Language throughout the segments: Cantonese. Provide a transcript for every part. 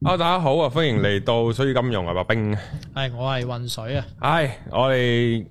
好、哦，大家好啊！歡迎嚟到水與金融啊，白兵。係、哎，我係渾水啊。係、哎，我哋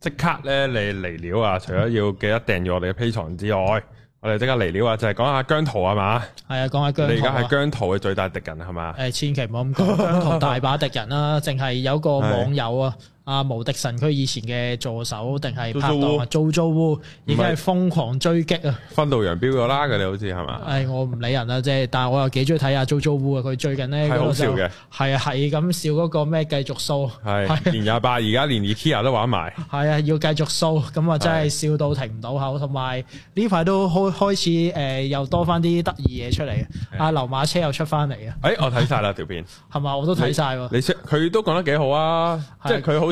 即刻咧你嚟料啊！除咗要記得訂住我哋嘅 Patreon 之外，我哋即刻嚟料啊！就係講下姜濤啊嘛。係啊，講下姜、啊。你而家係姜濤嘅最大敵人係嘛？誒、哎，千祈唔好咁講，姜濤大把敵人啦、啊，淨係 有個網友啊。哎阿無敵神駒以前嘅助手，定係拍檔啊，Zozo 已經係瘋狂追擊啊，分道揚鑣咗啦，噶你好似係嘛？誒，我唔理人啦，即係，但係我又幾中意睇下 Zozo 啊，佢最近咧，係好笑嘅，係啊，係咁笑嗰個咩繼續 show 係年廿八，而家連 IKEA 都玩埋，係啊，要繼續 show 咁啊真係笑到停唔到口，同埋呢排都開開始誒，又多翻啲得意嘢出嚟，阿流馬車又出翻嚟啊，誒，我睇晒啦條片，係嘛，我都睇晒喎，你佢都講得幾好啊，即係佢好。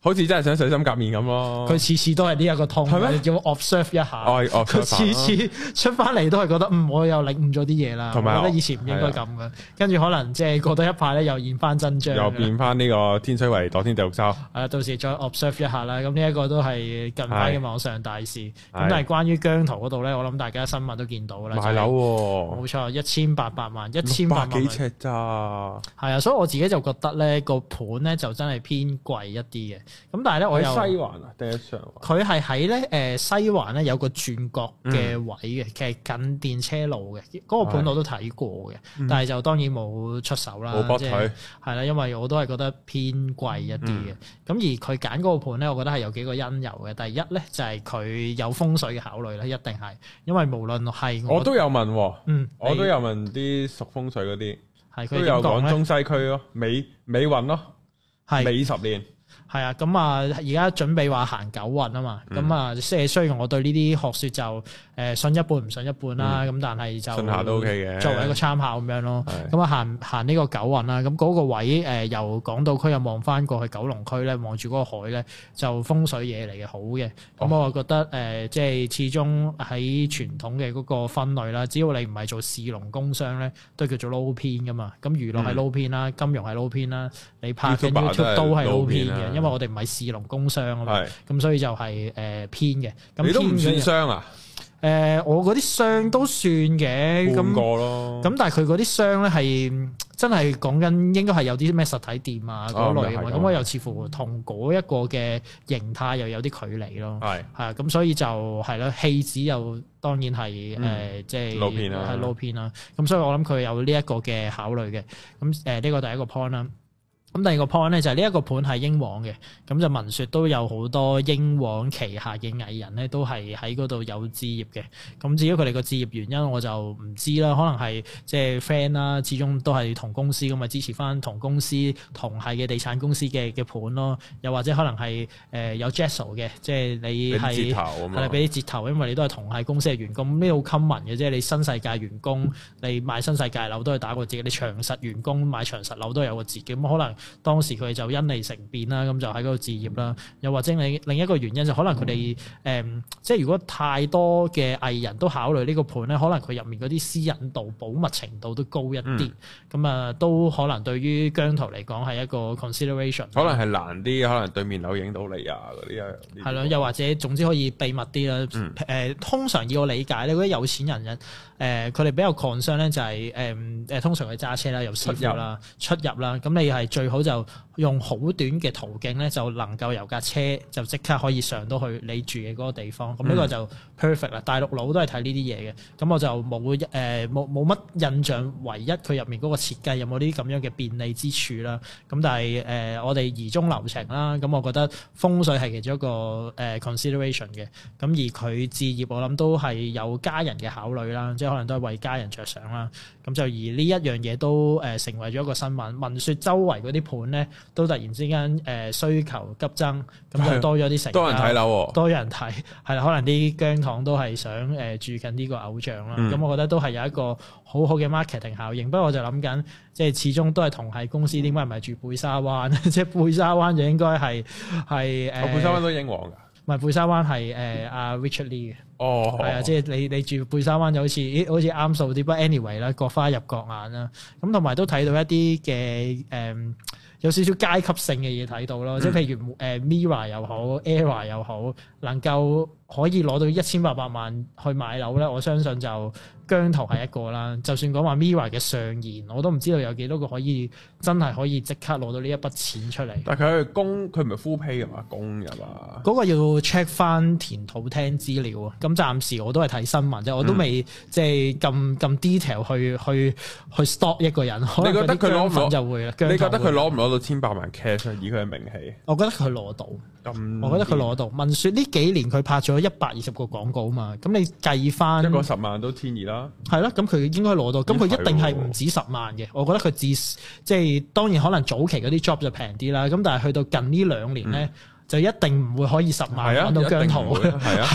好似真係想水深隔面咁咯，佢次次都係呢一個痛，要 observe 一下。佢次次出翻嚟都係覺得，嗯，我又領悟咗啲嘢啦。同埋，我覺得以前唔應該咁嘅，跟住可能即係過咗一排咧，又現翻真章，又變翻呢個天水圍擋天就收。係啦，到時再 observe 一下啦。咁呢一個都係近排嘅網上大事。咁但係關於疆圖嗰度咧，我諗大家新聞都見到啦，賣樓喎，冇錯，一千八百萬，一千八幾尺咋？係啊，所以我自己就覺得咧，個盤咧就真係偏貴一啲嘅。咁但係咧，我喺西環啊，定、呃、喺上環佢係喺咧，誒西環咧有個轉角嘅位嘅，其實近電車路嘅。嗰、嗰個盤我都睇過嘅，嗯、但係就當然冇出手啦。冇佢，係啦，因為我都係覺得偏貴一啲嘅。咁、嗯、而佢揀嗰個盤咧，我覺得係有幾個因由嘅。第一咧就係、係、佢有風水嘅考慮啦，一定係。因為無論係我，我都有問、喔，嗯，我都有問啲屬風水嗰啲，都有講中西區咯，美美運咯，係美十年。 係啊，咁啊，而家準備話行九運啊嘛，咁啊、嗯，即係雖然我對呢啲學説就誒、呃、信一半唔信一半啦、啊，咁、嗯、但係就作為一個參考咁樣咯。咁、嗯、啊，行行呢個九運啦，咁嗰個位誒、呃、由港島區又望翻過去九龍區咧，望住嗰個海咧，就風水嘢嚟嘅好嘅。咁、嗯、我覺得誒、呃，即係始終喺傳統嘅嗰個分類啦，只要你唔係做士農工商咧，都叫做撈偏噶嘛。咁娛樂係撈偏啦，an, 嗯、金融係撈偏啦，an, 你拍嘅 YouTube 都係撈偏嘅。因為我哋唔係士農工商啊嘛，咁是所以就係、是、誒、呃、偏嘅。偏你都唔算商啊？誒、呃，我嗰啲商都算嘅，冇過咯。咁但係佢嗰啲商咧係真係講緊，應該係有啲咩實體店啊嗰、哦、類啊嘛。咁、嗯嗯、我又似乎同嗰一個嘅形態又有啲距離咯。係係啊，咁所以就係啦，戲子又當然係誒，即係撈片啦，係撈片啦。咁所以我諗佢有呢一個嘅考慮嘅。咁誒，呢個第一個 point 啦。咁第二個 point 咧就係呢一個盤係英皇嘅，咁就聞説都有好多英皇旗下嘅藝人咧都係喺嗰度有置業嘅。咁至於佢哋個置業原因我就唔知啦，可能係即係 friend 啦，始終都係同公司咁啊支持翻同公司同係嘅地產公司嘅嘅盤咯。又或者可能係誒有 Jazzel 嘅，即係你係俾啲折頭啊嘛，俾啲折頭，因為你都係同係公司嘅員工，呢啲好 common 嘅啫。即係，你新世界員工，你買新世界樓都係打過折，你長實員工買長實樓都有個折嘅，咁可能，當時佢就因利乘便啦，咁就喺嗰度置業啦。又或者另另一個原因就可能佢哋誒，即係如果太多嘅藝人都考慮呢個盤咧，可能佢入面嗰啲私隱度、保密程度都高一啲。咁啊、嗯，都可能對於姜濤嚟講係一個 consideration。可能係難啲，可能對面樓影到你啊嗰啲啊。係咯，又或者總之可以秘密啲啦。誒，嗯、通常以我理解咧，嗰啲有錢人誒，佢哋比較 concern 咧就係誒誒，通常佢揸車啦，又出入啦，出入啦，咁你係最，最好就用好短嘅途徑咧，就能夠由架車就即刻可以上到去你住嘅嗰個地方。咁呢、嗯、個就 perfect 啦。大陸佬都係睇呢啲嘢嘅，咁我就冇誒冇冇乜印象。唯一佢入面嗰個設計有冇啲咁樣嘅便利之處啦？咁但係誒、呃、我哋移中流程啦，咁我覺得風水係其中一個誒、呃、consideration 嘅。咁而佢置業，我諗都係有家人嘅考慮啦，即係可能都係為家人着想啦。咁就而呢一樣嘢都誒成為咗一個新聞，聞說周圍啲啲盤咧都突然之間誒、呃、需求急增，咁就多咗啲成多人睇樓，啊，多人睇，係啦，可能啲姜糖都係想誒、呃、住近呢個偶像啦，咁、嗯、我覺得都係有一個好好嘅 marketing 效應。不過我就諗緊，即係始終都係同係公司，點解唔係住貝沙灣？即係貝沙灣就應該係係誒，貝、呃、沙灣都英皇㗎。咪貝沙灣係誒阿 Richard Lee 嘅，係啊、oh, oh, oh，即係你你住貝沙灣就好似咦，好似啱數啲，不 anyway 啦，各花入各眼啦，咁同埋都睇到一啲嘅誒有少少階級性嘅嘢睇到咯，即係、嗯、譬如誒 Mira 又好 era 又好，能夠，可以攞到一千八百萬去買樓咧，我相信就姜頭係一個啦。就算講話 Mira 嘅上言，我都唔知道有幾多個可以真係可以即刻攞到呢一筆錢出嚟。但係佢供，佢唔係 full pay 㗎嘛，供㗎嘛。嗰個要 check 翻填土廳資料啊。咁暫時我都係睇新聞啫，我都未、嗯、即係咁咁 detail 去去去 stop 一個人。你覺得佢攞唔就會啊？你覺得佢攞唔攞到千百萬 cash 以佢嘅名氣，我覺得佢攞到。我覺得佢攞到。聞說呢幾年佢拍咗一百二十個廣告嘛，咁你計翻一個十萬都天然啦，係啦，咁佢應該攞到，咁佢一定係唔止十萬嘅。咦我覺得佢至即係當然可能早期嗰啲 job 就平啲啦，咁但係去到近呢兩年咧。嗯就一定唔會可以十萬到姜濤，係啊，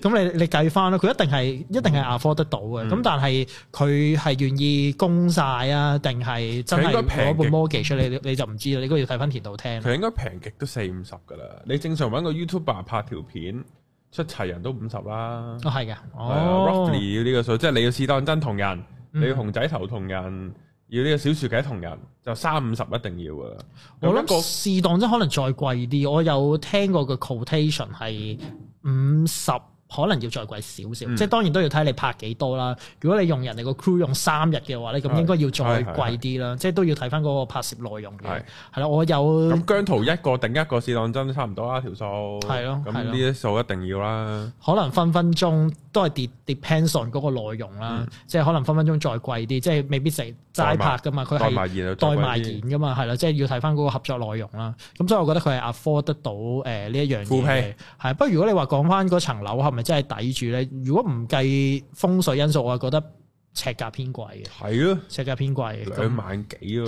咁你你計翻啦，佢一定係 的一,一定係 afford 得到嘅，咁、嗯、但係佢係願意供晒啊，定係真係攞部 mortgage 出嚟，你就唔知啦，你應該要睇翻田道聽、啊。佢應該平極都四五十噶啦，你正常揾個 YouTuber 拍條片出齊人都五十啦。哦，係、哦 啊、roughly 呢個數，即係你要試當真同人，你要熊仔頭同人。嗯嗯要呢個小廚嘅同人，就三五十一定要噶啦，我覺得適當真可能再貴啲。我有聽過個 quotation 係五十。可能要再貴少少，即係當然都要睇你拍幾多啦。如果你用人哋個 crew 用三日嘅話咧，咁應該要再貴啲啦。嗯、即係都要睇翻嗰個拍攝內容嘅。係啦對，我有。咁姜濤一個定一個，試當真差唔多啦條數。係咯的，咁呢啲數一定要啦。可能分分鐘都係跌，depends on 嗰個內容啦。嗯、即係可能分分鐘再貴啲，即係未必成齋替拍噶嘛。佢係代賣演啊，噶嘛，係啦，即係要睇翻嗰個合作內容啦。咁、嗯、所以我覺得佢係 afford 得到誒呢、呃、一樣嘢。係氣，不過如果你話講翻嗰層樓係咪？即係抵住咧，如果唔計風水因素，我覺得尺價偏貴嘅。係啊，尺價偏貴，兩萬幾啊？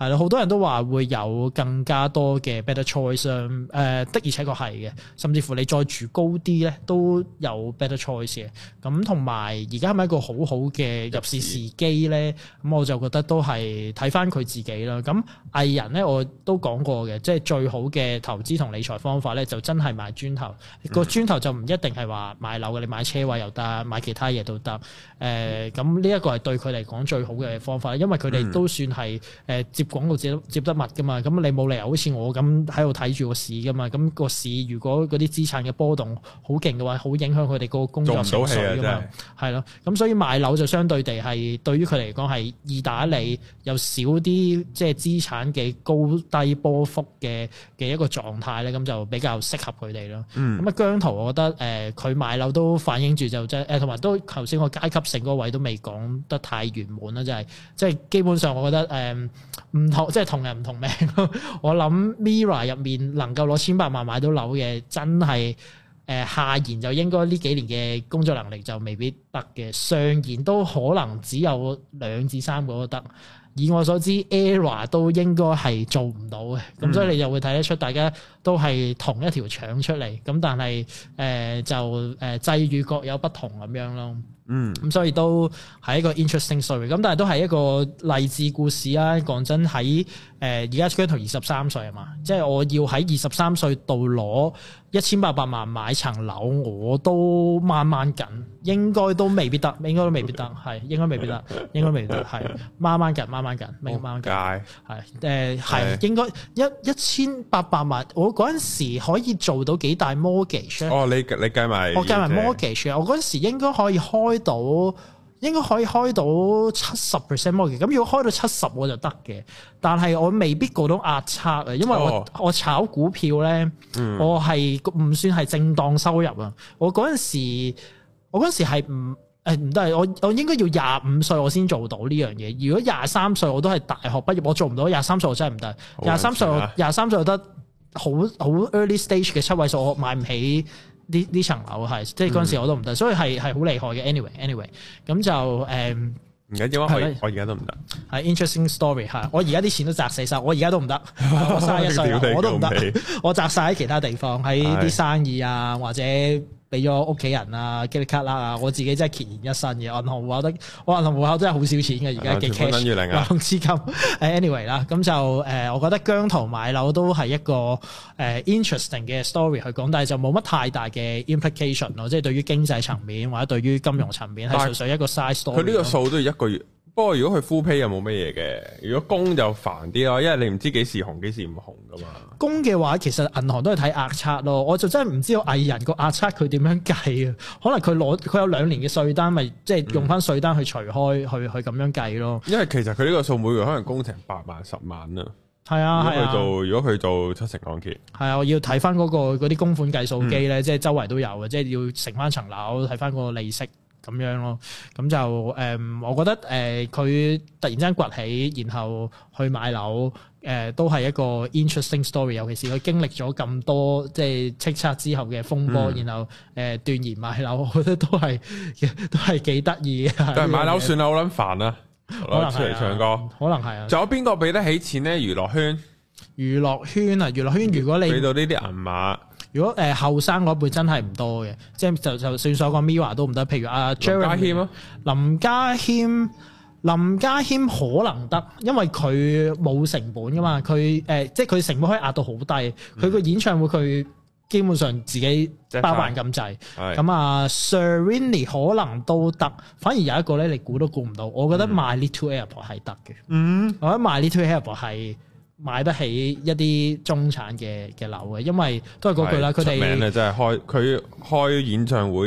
那要。係咯，好多人都話會有更加多嘅 better choice，誒、嗯呃、的而且確係嘅，甚至乎你再住高啲咧，都有 better choice 嘅。咁同埋，而家係咪一個好好嘅入市時機咧？咁時我就覺得都係睇返佢自己啦。咁。藝人咧，我都講過嘅，即係最好嘅投資同理財方法咧，就真係買磚頭。個、嗯、磚頭就唔一定係話買樓嘅，你買車位又得，買其他嘢都得。誒、呃，咁呢一個係對佢嚟講最好嘅方法，因為佢哋都算係誒接廣告接得接得密㗎嘛。咁你冇理由好似我咁喺度睇住個市㗎嘛。咁、那個市如果嗰啲資產嘅波動好勁嘅話，好影響佢哋嗰個工作情緒㗎嘛。係咯、啊。咁的是所以買樓就相對地係對於佢嚟講係易打理，又少啲即係資產。幾高低波幅嘅嘅一個狀態咧，咁就比較適合佢哋咯。咁啊、嗯、姜濤，我覺得誒，佢、呃、買樓都反映住就即係誒，同、呃、埋都頭先個階級性嗰位都未講得太圓滿啦，就係即係基本上我覺得誒，唔、呃、同即係同人唔同命 我諗 Mirror 入面能夠攞千百萬買到樓嘅，真係誒、呃、下言就應該呢幾年嘅工作能力就未必得嘅，上言都可能只有兩至三個都得。以我所知 e、ER、r a 都應該係做唔到嘅，咁、嗯、所以你就會睇得出大家都係同一條腸出嚟，咁但係誒、呃、就誒、呃、際遇各有不同咁樣咯。嗯，咁所以都係一個 interesting story，咁但係都係一個勵志故事啊！講真，喺誒而家 Glen 同二十三歲啊嘛，即係我要喺二十三歲到攞一千八百萬買層樓，我都掹掹緊，應該都未必得，應該都未必得，係 應該未必得，應該未必得，係 掹掹緊掹掹緊，掹掹緊，係誒係應該一一千八百萬，我陣時可以做到幾大 mortgage？哦，你你計埋我計埋 mortgage 啊！思我陣時應該可以開。開到應該可以開到七十 percent m a r 開到七十我就得嘅，但係我未必做到壓差啊，因為我我炒股票咧，oh。我係唔算係正當收入啊。我嗰陣時，我陣時係唔誒唔得，係我我應該要廿五歲我先做到呢樣嘢。如果廿三歲我都係大學畢業，我做唔到。廿三歲我真係唔得，廿三歲，廿三歲我得好好 early stage 嘅七位數，我買唔起。呢呢層樓係，即係嗰陣時我都唔得，所以係係好厲害嘅。anyway，anyway，咁 anyway, 就誒唔緊要啊，我而家都唔得。係 interesting story 嚇，我而家啲錢都砸死晒，我而家都唔得，我卅一歲，我都唔得， 我砸晒喺其他地方，喺啲生意啊或者。俾咗屋企人啊，吉利卡啦啊，我自己真係孑然一身嘅銀行戶口得哇，銀行戶口真係好少錢嘅，啊，而家嘅 cash 資金。anyway 啦，咁就誒，我覺得姜濤買樓都係一個誒 interesting 嘅 story 去講，但係就冇乜太大嘅 implication 咯，即係對於經濟層面或者對於金融層面係 純粹一個 size story。佢呢個數都要一個月。不過如果佢 full pay 又冇乜嘢嘅，如果供就煩啲咯，因為你唔知幾時紅幾時唔紅噶嘛。供嘅話其實銀行都係睇壓測咯，我就真係唔知道藝人個壓測佢點樣計啊？可能佢攞佢有兩年嘅稅單，咪即係用翻稅單去除開，嗯、去去咁樣計咯。因為其實佢呢個數每月可能供成八萬十萬啊。係啊，如果去做，如果佢做七成按揭，係啊，我要睇翻嗰個嗰啲供款計數機咧，即係周圍都有嘅，即係要乘翻層樓，睇翻個利息。咁樣咯，咁就誒、嗯，我覺得誒佢、呃、突然之間崛起，然後去買樓，誒、呃、都係一個 interesting story，尤其是佢經歷咗咁多即係叱咤之後嘅風波，嗯、然後誒斷言買樓，我覺得都係都係幾得意嘅。但係買樓算啦，好撚、嗯、煩啊！我出嚟唱歌，可能係啊。仲有邊個俾得起錢咧？娛樂圈，娛樂圈啊！娛樂圈，如果你俾到呢啲銀碼。如果誒後生嗰輩真係唔多嘅，即係就就算所講 Mirror 都唔得。譬如阿、啊、Jeremy, 林家謙咯，林家謙林家謙可能得，因為佢冇成本㗎嘛，佢誒、呃、即係佢成本可以壓到好低，佢個、嗯、演唱會佢基本上自己包辦咁滯。咁、嗯嗯、啊 Serenity 可能都得，反而有一個咧你估都估唔到，我覺得 My Little Airport 係得嘅。嗯，我覺得 My Little Airport 係。買得起一啲中產嘅嘅樓嘅，因為都係嗰句啦。佢哋是們出名咧，真係開佢開演唱會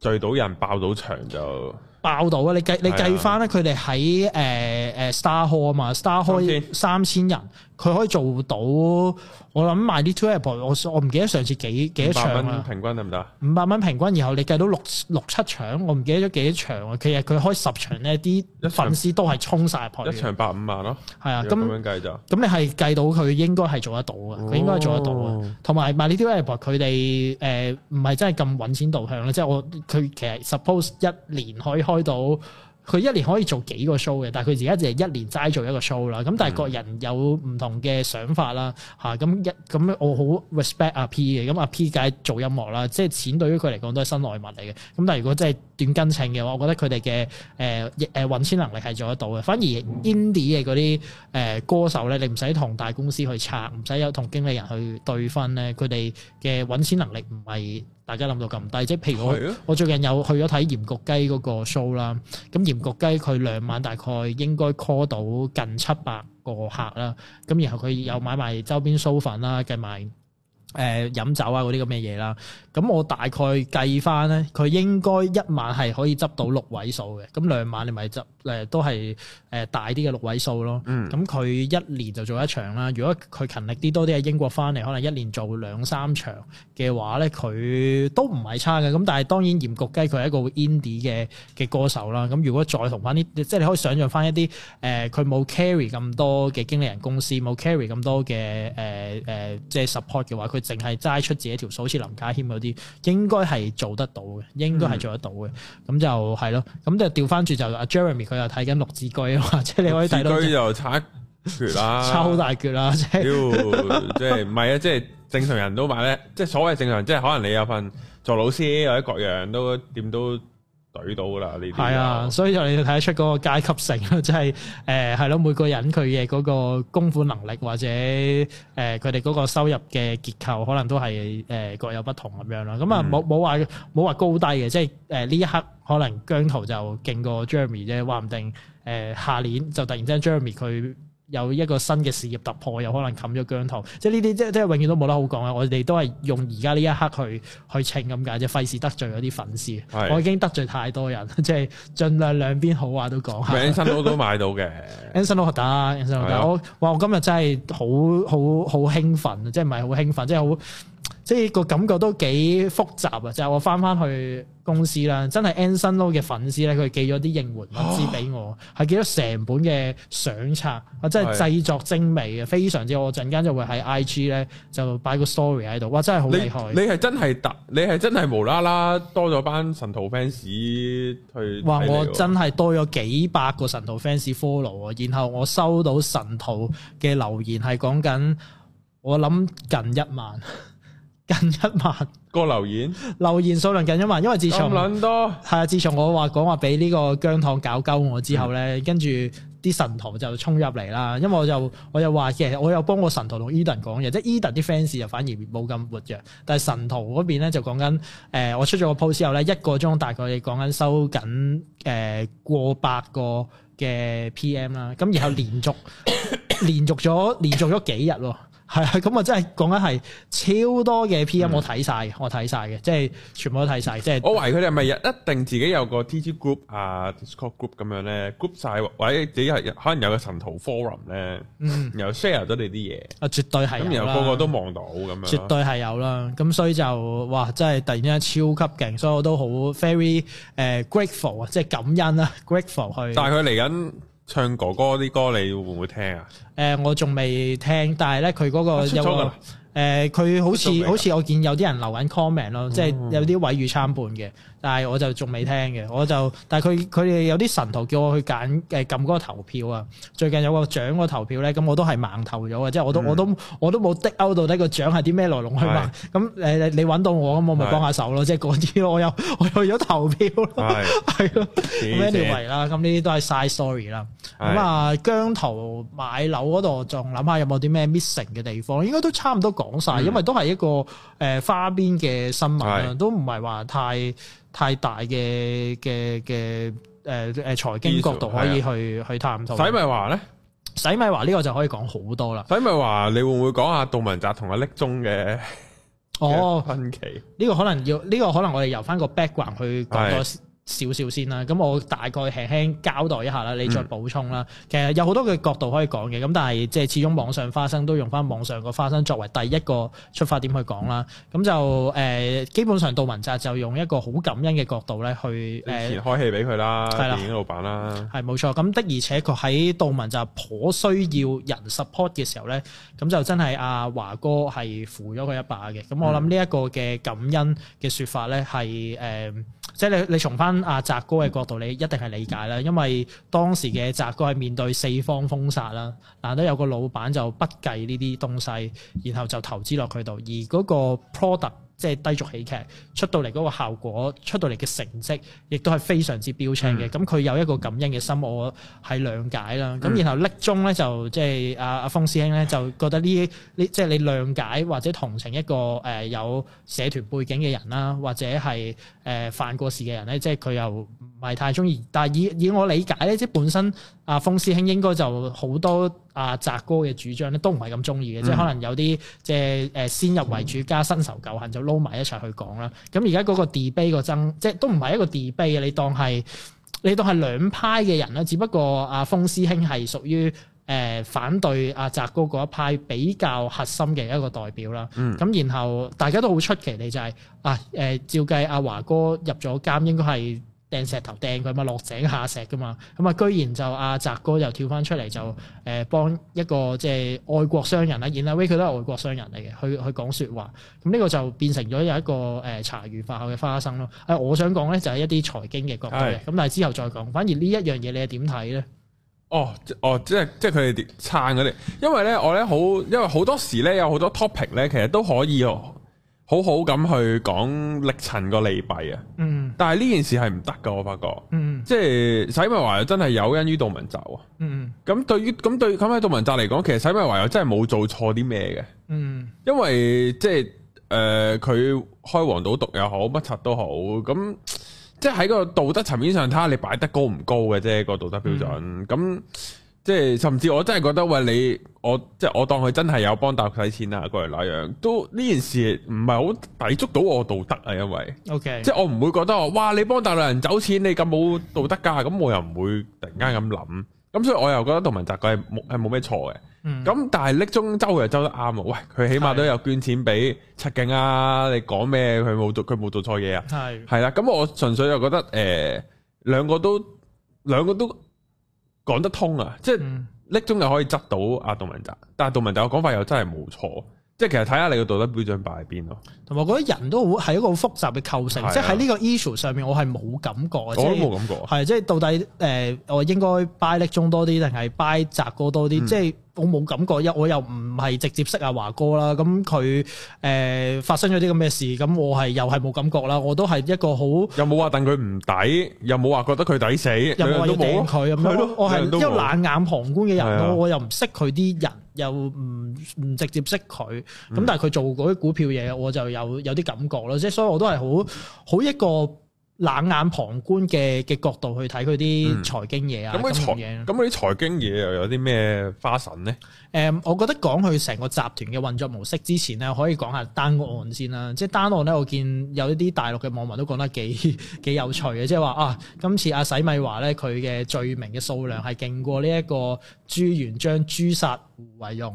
聚到人，爆到場就爆到啊！你計、啊、你計翻咧，佢哋喺誒誒 Star Hall 啊嘛，Star Hall，三千,三千人。佢可以做到，我諗賣呢 two a p p 我我唔記得上次幾幾多場。五百蚊平均得唔得？五百蚊平均，然後你計到六六七場，我唔記得咗幾多場啊？其實佢開十場咧，啲粉絲都係衝晒入去。一場百五萬咯。係啊的，咁的樣計就。咁你係計到佢應該係做得到嘅。佢、哦、應該係做得到嘅。同埋賣呢啲 a p p 佢哋誒唔係真係咁搵錢導向咧。即係我佢其實 suppose 一年可以開到。佢一年可以做幾個 show 嘅，但係佢而家就係一年齋做一個 show 啦。咁但係各人有唔同嘅想法啦，嚇咁一咁我好 respect 阿 P 嘅。咁阿 P 梗係做音樂啦，即係錢對於佢嚟講都係身外物嚟嘅。咁但係如果即係短斤秤嘅話，我覺得佢哋嘅誒誒揾錢能力係做得到嘅。反而 indie 嘅嗰啲誒歌手咧，你唔使同大公司去拆，唔使有同經理人去對分咧，佢哋嘅揾錢能力唔係。大家諗到咁低，即係譬如我的我最近有去咗睇鹽焗雞嗰個 show 啦，咁鹽焗雞佢兩晚大概應該 call 到近七百個客啦，咁然後佢又買埋周邊 show 粉啦，計埋誒飲酒啊嗰啲咁嘅嘢啦，咁我大概計翻咧，佢應該一晚係可以執到六位數嘅，咁兩晚你咪執。誒都係誒大啲嘅六位數咯，咁佢、嗯、一年就做一場啦。如果佢勤力啲多啲喺英國翻嚟，可能一年做兩三場嘅話咧，佢都唔係差嘅。咁但係當然鹽焗雞佢係一個會 indie 嘅嘅歌手啦。咁如果再同翻啲，即係你可以想象翻一啲誒，佢、呃、冇 carry 咁多嘅經理人公司，冇 carry 咁多嘅誒誒即係 support 嘅話，佢淨係齋出自己條數，好似林家謙嗰啲，應該係做得到嘅，應該係做得到嘅。咁、嗯、就係咯，咁就調翻轉就阿 Jeremy 佢。又睇緊六字居啊嘛，即係你可以睇到，居就差，差好大橛啦！啦即係 即係唔係啊？即係正常人都買咧，即係所謂正常人，即係可能你有份做老師或者各樣都點都。懟到噶啦呢啲，係啊，所以就你睇得出嗰個階級性咯，即係誒，係、呃、咯、啊，每個人佢嘅嗰個供款能力或者誒，佢哋嗰個收入嘅結構，可能都係誒、呃、各有不同咁樣啦。咁啊、嗯，冇冇話冇話高低嘅，即係誒呢一刻可能姜濤就勁過 Jeremy 啫，話唔定誒下年就突然之間 Jeremy 佢。有一個新嘅事業突破，有可能冚咗姜濤，即係呢啲即係即係永遠都冇得好講啊！我哋都係用而家呢一刻去去稱咁解，即係費事得罪嗰啲粉絲，是我已經得罪太多人，即係儘量兩邊好話都講下。安生佬都買到嘅，安生佬打，安生我，我今日真係好好好興奮即係唔係好興奮，即係好。即係個感覺都幾複雜啊！就是、我翻翻去公司啦，真係 Ensign 咯嘅粉絲咧，佢寄咗啲應援物資俾我，係寄咗成本嘅相冊，啊，真係製作精美啊。非常之我陣間就會喺 IG 咧就擺個 story 喺度，哇，真係好厲害！你係真係突，你係真係無啦啦多咗班神徒 fans 去哇！我真係多咗幾百個神徒 fans follow 啊！然後我收到神徒嘅留言係講緊，我諗近一萬。近一萬個留言，留言數量近一萬，因為自從係啊，自從我話講話俾呢個姜糖搞鳩我之後咧，嗯、跟住啲神徒就衝入嚟啦。因為我就我又話嘅，我又幫個神徒同 Eden 講嘢，即係 e n 啲 fans 就反而冇咁活躍，但係神徒嗰邊咧就講緊誒，我出咗個 post 之後咧，一個鐘大概講緊收緊誒、呃、過百個嘅 PM 啦，咁然後連續 連續咗連續咗幾日咯。係啊，咁 我真係講緊係超多嘅 PM 我睇晒、嗯，我睇晒嘅，即係全部都睇晒。即係我懷疑佢哋係咪一定自己有個 TG group 啊、uh, Discord group 咁樣咧，group 晒，或者自己係可能有個神圖 forum 咧，嗯、然後 share 咗你啲嘢。啊，絕對係咁，然後個個都望到咁樣。絕對係有啦。咁所以就哇，真係突然之間超級勁，所以我都好 very 誒、uh, grateful 啊，即係感恩啦，grateful 去。但係佢嚟緊。唱哥哥啲歌，你會唔會聽啊？誒、呃，我仲未聽，但係咧佢嗰個有個誒，佢，啊呃、好似好似我見有啲人留緊 comment 咯，嗯嗯，即係有啲毀譽參半嘅。但係我就仲未聽嘅，我就但係佢佢哋有啲神徒叫我去揀誒撳嗰個投票啊！最近有個獎個投票咧，咁我，我，我都係盲投咗嘅，即係我都我都我都冇的勾到咧個獎係啲咩來龍去脈。咁誒的、嗯、你揾到我咁我咪幫下手咯，的即係嗰啲我又我又有咗投票係咯。Anyway 啦，咁呢啲都係 side story 啦。咁、嗯、啊，姜濤買樓嗰度仲諗下有冇啲咩 missing 嘅地方？應該都差唔多講晒，因為都係一個誒花邊嘅新聞啦的，都唔係話太。太大嘅嘅嘅，誒誒，財經角度可以去去探討。洗米華咧，洗米華呢個就可以講好多啦。洗米華，你會唔會講下杜文澤同阿匿宗嘅？哦，分歧，呢個可能要呢、這個可能我哋由翻個 background 去講多。少少先啦，咁我大概輕輕交代一下啦，你再補充啦。嗯、其實有好多嘅角度可以講嘅，咁但係即係始終網上花生都用翻網上個花生作為第一個出發點去講啦。咁、嗯、就誒、呃，基本上杜汶澤就用一個好感恩嘅角度咧去誒、呃、開戲俾佢啦，電影的老闆啦，係冇錯。咁的而且確喺杜汶就係頗需要人 support 嘅時候咧，咁就真係阿、啊、華哥係扶咗佢一把嘅。咁我諗呢一個嘅感恩嘅説法咧係誒。呃嗯即係你你從翻阿澤哥嘅角度，你一定係理解啦，因為當時嘅澤哥係面對四方封殺啦，難得有個老闆就不計呢啲東西，然後就投資落佢度，而嗰個 product。即係低俗喜劇出到嚟嗰個效果，出到嚟嘅成績，亦都係非常之標青嘅。咁佢、嗯、有一個感恩嘅心，我係諒解啦。咁、嗯、然後叻中咧就即係阿阿方師兄咧就覺得呢呢即係你諒解或者同情一個誒、呃、有社團背景嘅人啦，或者係誒、呃、犯過事嘅人咧，即係佢又。唔係太中意，但係以以我理解咧，即係本身阿峰、啊、師兄應該就好多阿、啊、澤哥嘅主張咧，都唔係咁中意嘅，即係可能有啲即係誒先入為主加新仇舊恨，就撈埋一齊去講啦。咁而家嗰個 debate 個爭，即係都唔係一個 debate 嘅，你當係你當係兩派嘅人啦。只不過阿、啊、峰師兄係屬於誒反對阿、啊、澤哥嗰一派比較核心嘅一個代表啦。咁、嗯、然後大家都好出奇、就是，你就係啊誒、呃、照計阿、啊、華哥入咗監應該係。掟石頭掟佢嘛，落井下石噶嘛，咁啊居然就阿澤哥又跳翻出嚟就誒、呃、幫一個即係愛國商人啦，In a way，佢都係愛國商人嚟嘅，去去講説話，咁呢個就變成咗有一個誒、呃、茶餘飯後嘅花生咯。係、呃、我想講咧，就係一啲財經嘅角度嘅，咁的但係之後再講。反而呢一樣嘢你係點睇咧？哦，哦，即係即係佢哋撐佢哋，因為咧我咧好，因為好多時咧有好多 topic 咧，其實都可以哦。好好咁去講歷陳個利弊啊，嗯、但係呢件事係唔得噶，我發覺，嗯、即係洗米華又真係有恩於杜汶澤啊，咁、嗯、對於咁對咁喺杜汶澤嚟講，其實洗米華又真係冇做錯啲咩嘅，嗯、因為即係誒佢開黃賭毒又好，乜柒都好，咁即係喺個道德層面上睇下，你擺得高唔高嘅啫，個道德標準咁。嗯即係甚至我真係覺得喂，你我即係我當佢真係有幫大陸洗錢啊，嗰樣都，呢件事唔係好抵觸到我道德啊，因為，Okay. 即係我唔會覺得話哇你幫大陸人走錢，你咁冇道德㗎、啊，咁我又唔會突然間咁諗，咁、嗯、所以我又覺得杜汶澤佢係冇係冇咩錯嘅，咁、mm. 但係拎中周又周得啱喎，喂，佢起碼都有捐錢俾七警啊，你講咩佢冇做佢冇做錯嘢啊，係係啦，咁、 嗯、我純粹又覺得誒兩個都兩個都。講得通啊！即係嗯，拎鍾又可以執到阿、啊、杜文澤，但係杜文澤嘅講法又真係冇錯。即係其實睇下你個道德標準擺喺邊咯，同埋我覺得人都好係一個好複雜嘅構成，即係喺呢個 issue 上面，我係冇感覺，我都冇感覺，係即係到底誒，我應該 buy 力中多啲定係 buy 澤哥多啲？即係我冇感覺，又我又唔係直接識阿華哥啦，咁佢誒發生咗啲咁嘅事，咁我係又係冇感覺啦。我都係一個好又冇話戥佢唔抵，又冇話覺得佢抵死，又唔會頂佢，係咯，我係一個冷眼旁觀嘅人咯，我又唔識佢啲人。又唔唔直接識佢，咁、嗯、但係佢做嗰啲股票嘢，我就有有啲感覺咯。即係所以我都係好好一個冷眼旁觀嘅嘅角度去睇佢啲財經嘢啊咁樣。咁啲、嗯財，啊、財經嘢又有啲咩花神咧？誒、嗯，我覺得講佢成個集團嘅運作模式之前咧，可以講下單案先啦。即係單案咧，我見有一啲大陸嘅網民都講得幾幾有趣嘅，即係話啊，今次阿洗米華咧佢嘅罪名嘅數量係勁過呢一個朱元璋誅殺，胡惟庸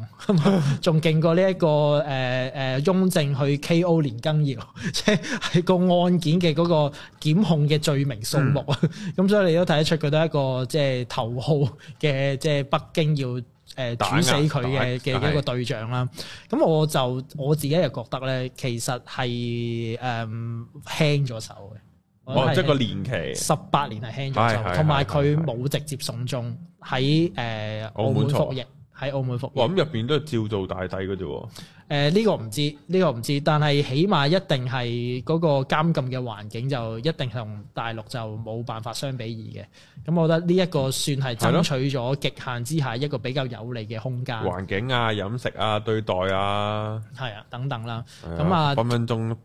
仲勁過呢一個誒誒，雍正去 K.O. 年羹堯，即係個案件嘅嗰個檢控嘅罪名數目啊！咁所以你都睇得出佢都係一個即係頭號嘅即係北京要誒煮死佢嘅嘅一個對象啦。咁我就我自己又覺得咧，其實係誒輕咗手嘅，哦，即係個年期十八年係輕咗手，同埋佢冇直接送中喺誒澳門服刑。喺澳門服刑。哇、哦！咁入邊都係照做大體嘅啫喎。呢、呃呢個唔知，呢、呢個唔知，但係起碼一定係嗰個監禁嘅環境就一定係同大陸就冇辦法相比擬嘅。咁我覺得呢一個算係爭取咗極限之下一個比較有利嘅空間。環境啊、飲食啊、對待啊，係啊等等啦。咁啊，啊分分鐘。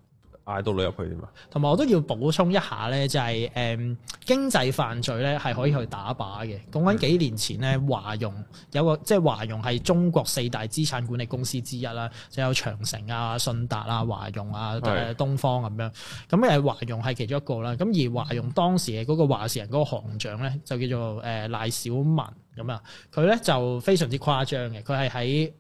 嗌到你入去點啊？同埋我都要補充一下咧、就是，就係誒經濟犯罪咧係可以去打靶嘅。講緊幾年前咧，華融有個即係華融係中國四大資產管理公司之一啦，就有長城啊、信達啊、華融啊、誒東方咁、啊、樣。咁誒華融係其中一個啦。咁而華融當時嘅嗰個話事人嗰個行長咧，就叫做誒賴小文。咁啊，佢咧就非常之誇張嘅，佢係喺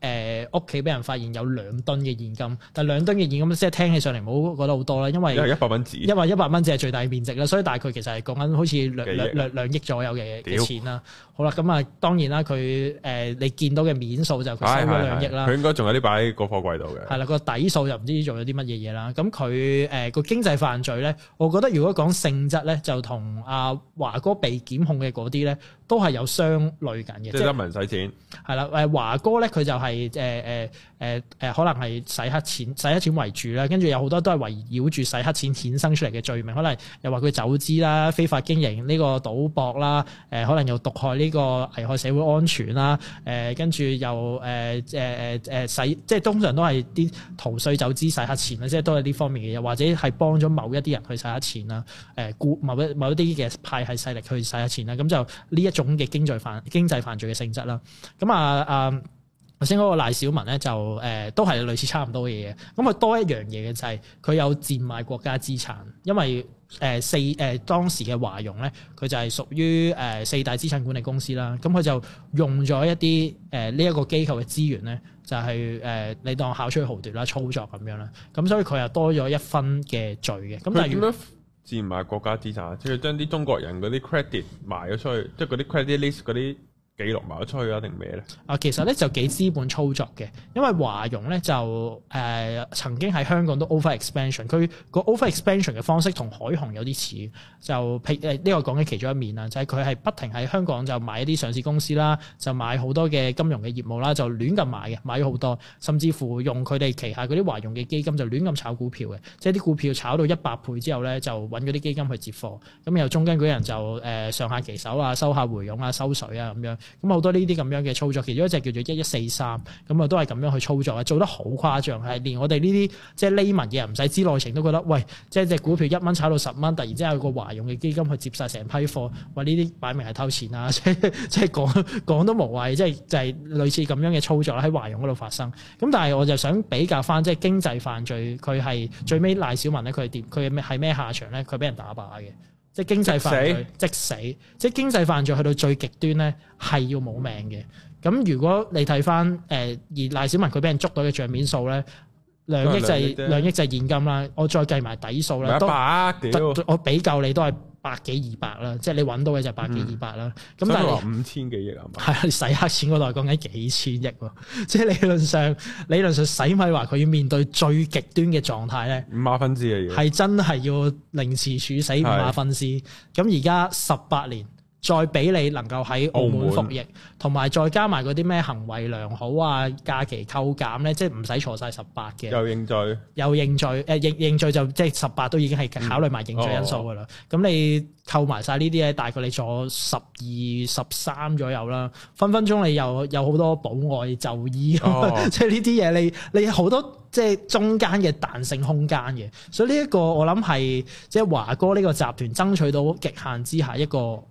誒屋企俾人發現有兩噸嘅現金，但兩噸嘅現金，即係聽起上嚟冇覺得好多啦，因為一百蚊紙，因為一百蚊紙係最大面值啦，所以大概其實係講緊好似兩兩兩兩億左右嘅嘅錢啦。好啦，咁、嗯、啊，當然啦，佢、呃、誒你見到嘅面數就佢收咗兩億啦。佢應該仲有呢擺喺個貨櫃度嘅。係啦，個底數就唔知做咗啲乜嘢嘢啦。咁佢誒個經濟犯罪咧，我覺得如果講性質咧，就同阿、啊、華哥被檢控嘅嗰啲咧，都係有相類緊嘅。即係得埋洗錢。係啦，誒、呃、華哥咧，佢就係誒誒誒誒，可能係洗黑錢、洗黑錢為主啦。跟住有好多都係圍繞住洗黑錢衍生出嚟嘅罪名，可能又話佢走資啦、非法經營呢、這個賭博啦，誒、呃、可能又毒害呢、這個。呢個危害社會安全啦，誒、呃、跟住又誒誒誒誒洗，即係通常都係啲逃稅走資使黑錢啦，即係都係呢方面嘅嘢，或者係幫咗某一啲人去使黑錢啦，誒、呃、顧某，某一某一啲嘅派系勢力去使黑錢啦，咁就呢一種嘅經濟犯經濟犯罪嘅性質啦，咁啊啊～啊頭先嗰個賴小文咧就誒、呃、都係類似差唔多嘅嘢，咁、嗯、啊多一樣嘢嘅就係、是、佢有賤賣國家資產，因為誒、呃、四誒、呃、當時嘅華融咧，佢就係屬於誒、呃、四大資產管理公司啦，咁、嗯、佢就用咗一啲誒呢一個機構嘅資源咧，就係、是、誒、呃、你當巧取豪奪啦，操作咁樣啦，咁、嗯、所以佢又多咗一分嘅罪嘅。咁、嗯嗯、但係點樣賤賣國家資產？即、就、係、是、將啲中國人嗰啲 credit 賣咗出去，即、就、係、是、嗰啲 credit list 嗰啲。記錄埋去推啊，定咩咧？啊，其實咧就幾資本操作嘅，因為華融咧就誒、呃、曾經喺香港都 over expansion，佢個 over expansion 嘅方式同海航有啲似，就譬誒呢個講緊其中一面啦，就係佢係不停喺香港就買一啲上市公司啦，就買好多嘅金融嘅業務啦，就亂咁買嘅，買咗好多，甚至乎用佢哋旗下嗰啲華融嘅基金就亂咁炒股票嘅，即係啲股票炒到一百倍之後咧，就揾嗰啲基金去接貨，咁又中間嗰人就誒、呃、上下其手啊，收下回傭啊，收水啊咁樣。咁好多呢啲咁樣嘅操作，其中一隻叫做一一四三，咁啊都係咁樣去操作，做得好誇張，係連我哋呢啲即係匿 a y 嘅人唔使知內情都覺得，喂，即係隻股票一蚊炒到十蚊，突然之間有個華融嘅基金去接晒成批貨，話呢啲擺明係偷錢啊！即係即係講講都無謂，即係就係、是、類似咁樣嘅操作喺華融嗰度發生。咁但係我就想比較翻，即係經濟犯罪佢係最尾賴小文咧，佢係點？佢係咩？係咩下場咧？佢俾人打靶嘅。即係經濟犯罪，即死，即死！即係經濟犯罪去到最極端咧，係要冇命嘅。咁如果你睇翻誒而賴小民佢俾人捉到嘅帳面數咧，兩億就係、是、兩,兩億就係現金啦。我再計埋底數啦，都，都我比較你都係。百幾二百啦，即係你揾到嘅就百幾二百啦。咁、嗯、但係你五千幾億係嘛？係啊，你使 黑錢嗰代講緊幾千億喎。即係理論上，理論上洗米華佢要面對最極端嘅狀態咧，五馬分屍嘅、啊。真要係真係要凌遲處死五馬分屍。咁而家十八年。再俾你能夠喺澳門服役，同埋門再加埋嗰啲咩行為良好啊、假期扣減咧，即係唔使坐晒十八嘅。又認罪，又認罪誒、啊、認認罪就即係十八都已經係考慮埋認罪因素噶啦。咁、嗯哦、你扣埋晒呢啲嘢，大概你坐十二十三左右啦。分分鐘你又有好多保外就醫，哦、 即係呢啲嘢你你好多即係中間嘅彈性空間嘅。所以呢一個我諗係即係華哥呢個集團爭取到極限之下一個。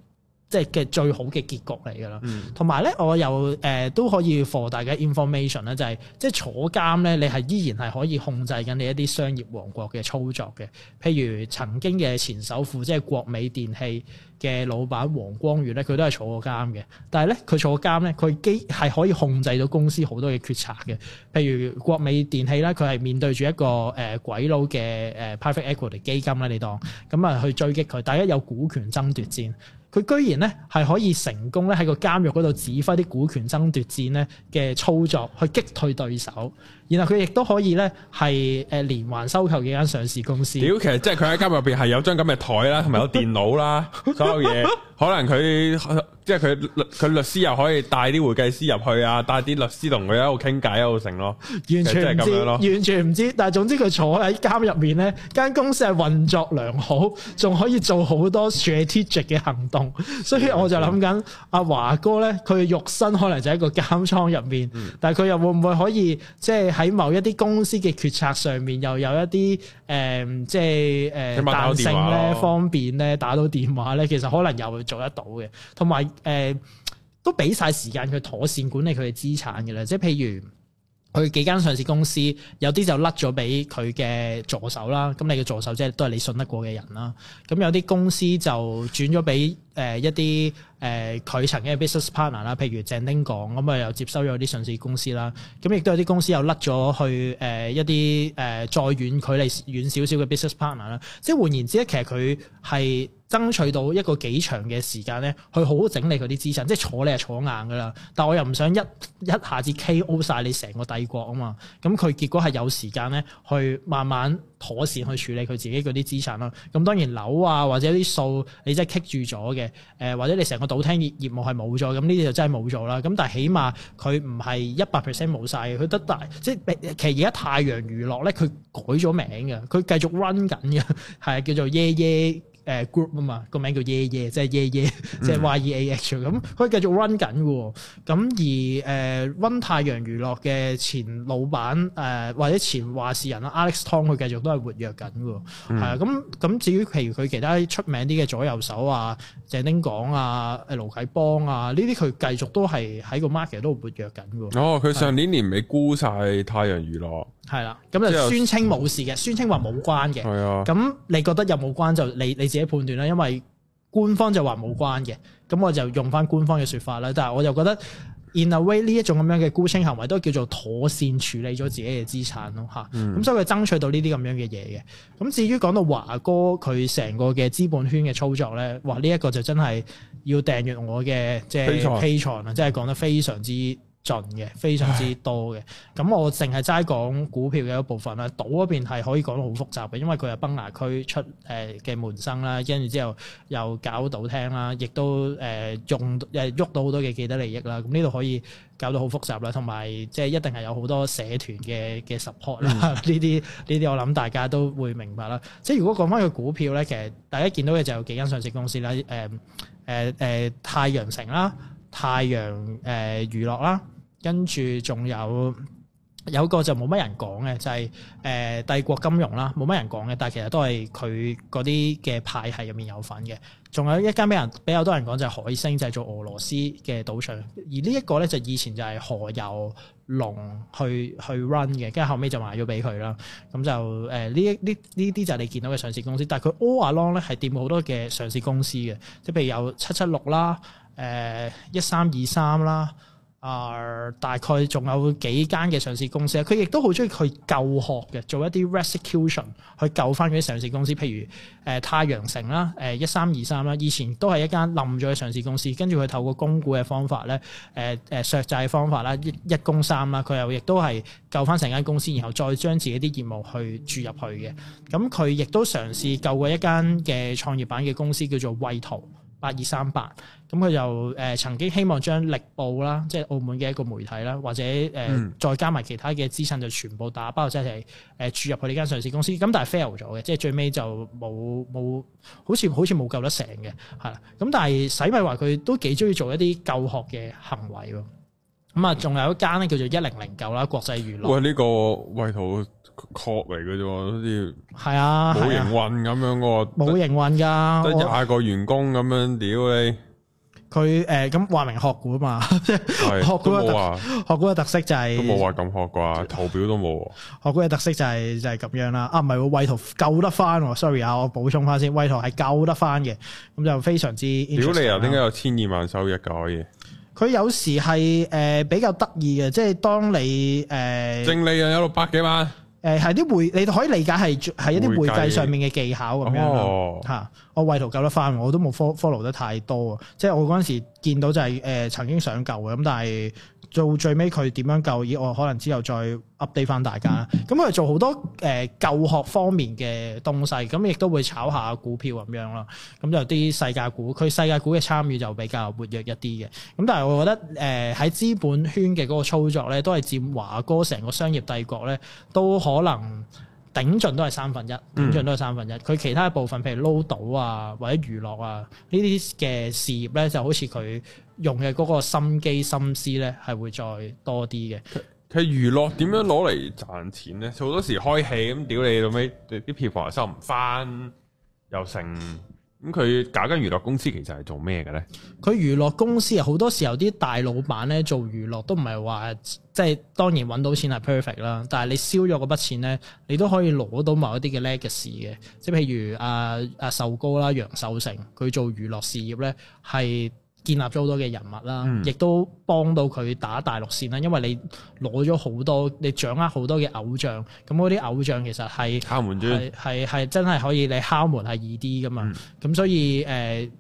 即係嘅最好嘅結局嚟㗎啦，同埋咧，我有誒、呃、都可以 for 大家 information 咧，就係、是、即係坐監咧，你係依然係可以控制緊你一啲商業王國嘅操作嘅，譬如曾經嘅前首富即係國美電器嘅老闆黃光裕咧，佢都係坐過監嘅。但係咧，佢坐過監咧，佢基係可以控制到公司好多嘅決策嘅。譬如國美電器咧，佢係面對住一個誒、呃、鬼佬嘅誒 private equity 基金咧，你當咁啊去追擊佢，第一有股權爭奪戰，佢居然咧係可以成功咧喺個監獄嗰度指揮啲股權爭奪戰咧嘅操作，去擊退對手。然後佢亦都可以咧，係誒連環收購幾間上市公司。屌，其實即係佢喺監入邊係有張咁嘅台啦，同埋 有電腦啦， 所有嘢。可能佢即係佢佢律師又可以帶啲會計師入去啊，帶啲律師同佢一度傾偈一路成咯。完全唔知，完全唔知。但係總之佢坐喺監入面咧，間公司係運作良好，仲可以做好多 strategic 嘅行動。所以我就諗緊阿華哥咧，佢嘅肉身可能就喺個監倉入面，但係佢又會唔會可以即係？喺某一啲公司嘅決策上面，又有一啲誒、呃，即係誒彈性咧，方便咧，打到電話咧、呃，其實可能又會做得到嘅。同埋誒，都俾晒時間佢妥善管理佢嘅資產嘅咧，即係譬如。佢幾間上市公司有啲就甩咗俾佢嘅助手啦，咁你嘅助手即係都係你信得過嘅人啦。咁有啲公司就轉咗俾誒一啲誒佢曾經嘅 business partner 啦，譬如鄭丁港，咁啊又接收咗啲上市公司啦。咁亦都有啲公司又甩咗去誒、呃、一啲誒、呃、再遠距離遠少少嘅 business partner 啦。即係換言之，其實佢係。爭取到一個幾長嘅時間咧，去好好整理佢啲資產，即係坐你係坐硬噶啦。但我又唔想一一下子 K.O. 晒你成個帝國啊嘛。咁佢結果係有時間咧，去慢慢妥善去處理佢自己嗰啲資產啦。咁當然樓啊或者啲數，你真係棘住咗嘅。誒、呃、或者你成個賭廳業業務係冇咗，咁呢啲就真係冇咗啦。咁但係起碼佢唔係一百 percent 冇晒，佢得大即係其實而家太陽娛樂咧，佢改咗名嘅，佢繼續 run 緊嘅，係叫做耶耶。誒 group 啊嘛，個名叫耶耶，Ye，即係 Ye Ye，即係 YEAH 咁佢繼續 run 緊嘅。咁而誒溫、呃、太陽娛樂嘅前老闆誒、呃、或者前話事人啦 Alex Tong，佢繼續都係活躍緊嘅。係啊、嗯，咁、嗯、咁、嗯、至於譬如佢其他出名啲嘅左右手啊，鄭丁港啊，誒盧啟邦啊，呢啲佢繼續都係喺個 market 都活躍緊嘅。哦，佢上年年尾沽晒太陽娛樂。係啦，咁就宣稱冇事嘅，宣稱話冇關嘅。係啊的，咁你覺得有冇關就你你自己判斷啦，因為官方就話冇關嘅。咁我就用翻官方嘅說法啦，但係我就覺得 in a way 呢一種咁樣嘅沽清行為都叫做妥善處理咗自己嘅資產咯吓，咁、嗯、所以佢爭取到呢啲咁樣嘅嘢嘅。咁至於講到華哥佢成個嘅資本圈嘅操作咧，哇！呢、這、一個就真係要訂閱我嘅即係批裁啦，真、就、係、是、講得非常之～盡嘅非常之多嘅，咁我淨係齋講股票嘅一部分啦。賭嗰邊係可以講得好複雜嘅，因為佢係崩牙駒出誒嘅門生啦，跟住之後又搞賭廳啦，亦都誒用誒喐到好多嘅既得利益啦。咁呢度可以搞到好複雜啦，同埋即係一定係有好多社團嘅嘅 support 啦、嗯。呢啲呢啲我諗大家都會明白啦。即係如果講返個股票咧，其實大家見到嘅就有幾間上市公司啦，誒誒誒太陽城啦、太陽誒、呃、娛樂啦。跟住仲有有個就冇乜人講嘅，就係、是、誒、呃、帝國金融啦，冇乜人講嘅，但係其實都係佢嗰啲嘅派系入面有份嘅。仲有一間俾人比較多人講就係海星製造、就係做、俄羅斯嘅賭場，而呢一個咧就以前就係何猷龍去去 run 嘅，跟住後尾就賣咗俾佢啦。咁就誒呢一呢呢啲就係你見到嘅上市公司，但係佢 all along 咧係掂好多嘅上市公司嘅，即係譬如有七七六啦、誒一三二三啦。啊，大概仲有幾間嘅上市公司，佢亦都好鍾意去救殼嘅，做一啲 rescue 去救翻嗰啲上市公司，譬如誒、呃、太陽城啦、誒一三二三啦，23，以前都係一間冧咗嘅上市公司，跟住佢透過供股嘅方法咧，誒、呃、誒削債方法啦，一一供三啦，佢又亦都係救翻成間公司，然後再將自己啲業務去注入去嘅，咁佢亦都嘗試救過一間嘅創業板嘅公司叫做惠圖。八二三八，咁佢就誒曾經希望將力報啦，即係澳門嘅一個媒體啦，或者誒再加埋其他嘅資產，就全部打包，即係誒注入去呢間上市公司。咁但係 fail 咗嘅，即係最尾就冇冇，好似好似冇救得成嘅，係啦。咁但係洗米話佢都幾中意做一啲救殼嘅行為咯。咁啊，仲有一間咧叫做一零零九啦，國際娛樂。喂，呢個衛土。殼嚟嘅啫，好似係啊，冇營運咁樣嘅，冇營運噶，得廿個員工咁樣，屌你！佢誒咁話明學股啊嘛，即係對學股嘅學股嘅特色就係冇話咁學啩，圖表都冇。學股嘅特色就係、是、就係、是、咁樣啦，啊唔係，為圖救得翻，sorry 啊，我補充翻先，為圖係救得翻嘅，咁就非常之屌你啊，點解有千二萬收益噶可以？佢有時係誒、呃、比較得意嘅，即係當你誒淨、呃、利潤有六百幾萬。誒係啲會，你可以理解係係一啲會計上面嘅技巧咁計樣啦嚇、哦啊。我為圖救得翻，我都冇 follow fo follow 得太多啊。即係我嗰陣時見到就係、是、誒、呃、曾經想救嘅咁，但係。做最尾佢點樣救？以我可能之後再 update 翻大家。咁佢、嗯、做好多誒、呃、救學方面嘅東西，咁亦都會炒下股票咁樣咯。咁就啲世界股，佢世界股嘅參與就比較活躍一啲嘅。咁但係我覺得誒喺、呃、資本圈嘅嗰個操作咧，都係佔華哥成個商業帝國咧，都可能。頂盡都係三分一，頂盡都係三分一。佢、嗯、其他部分，譬如撈賭啊，或者娛樂啊，呢啲嘅事業咧，就好似佢用嘅嗰個心機心思咧，係會再多啲嘅。佢娛樂點樣攞嚟賺錢咧？好、嗯、多時開戲咁，屌你到尾啲票房又收唔翻，又剩。嗯咁佢、嗯、搞緊娛樂公司其實係做咩嘅咧？佢娛樂公司啊，好多時候啲大老闆咧做娛樂都唔係話即係當然揾到錢係 perfect 啦，但係你燒咗嗰筆錢咧，你都可以攞到某一啲嘅 legacy 嘅，即係譬如阿阿壽高啦、楊、啊啊、受，受成，佢做娛樂事業咧係。建立咗好多嘅人物啦，亦都幫到佢打大陸線啦。因為你攞咗好多，你掌握好多嘅偶像，咁嗰啲偶像其實係敲門係係係真係可以你敲門係易啲噶嘛。咁、嗯、所以誒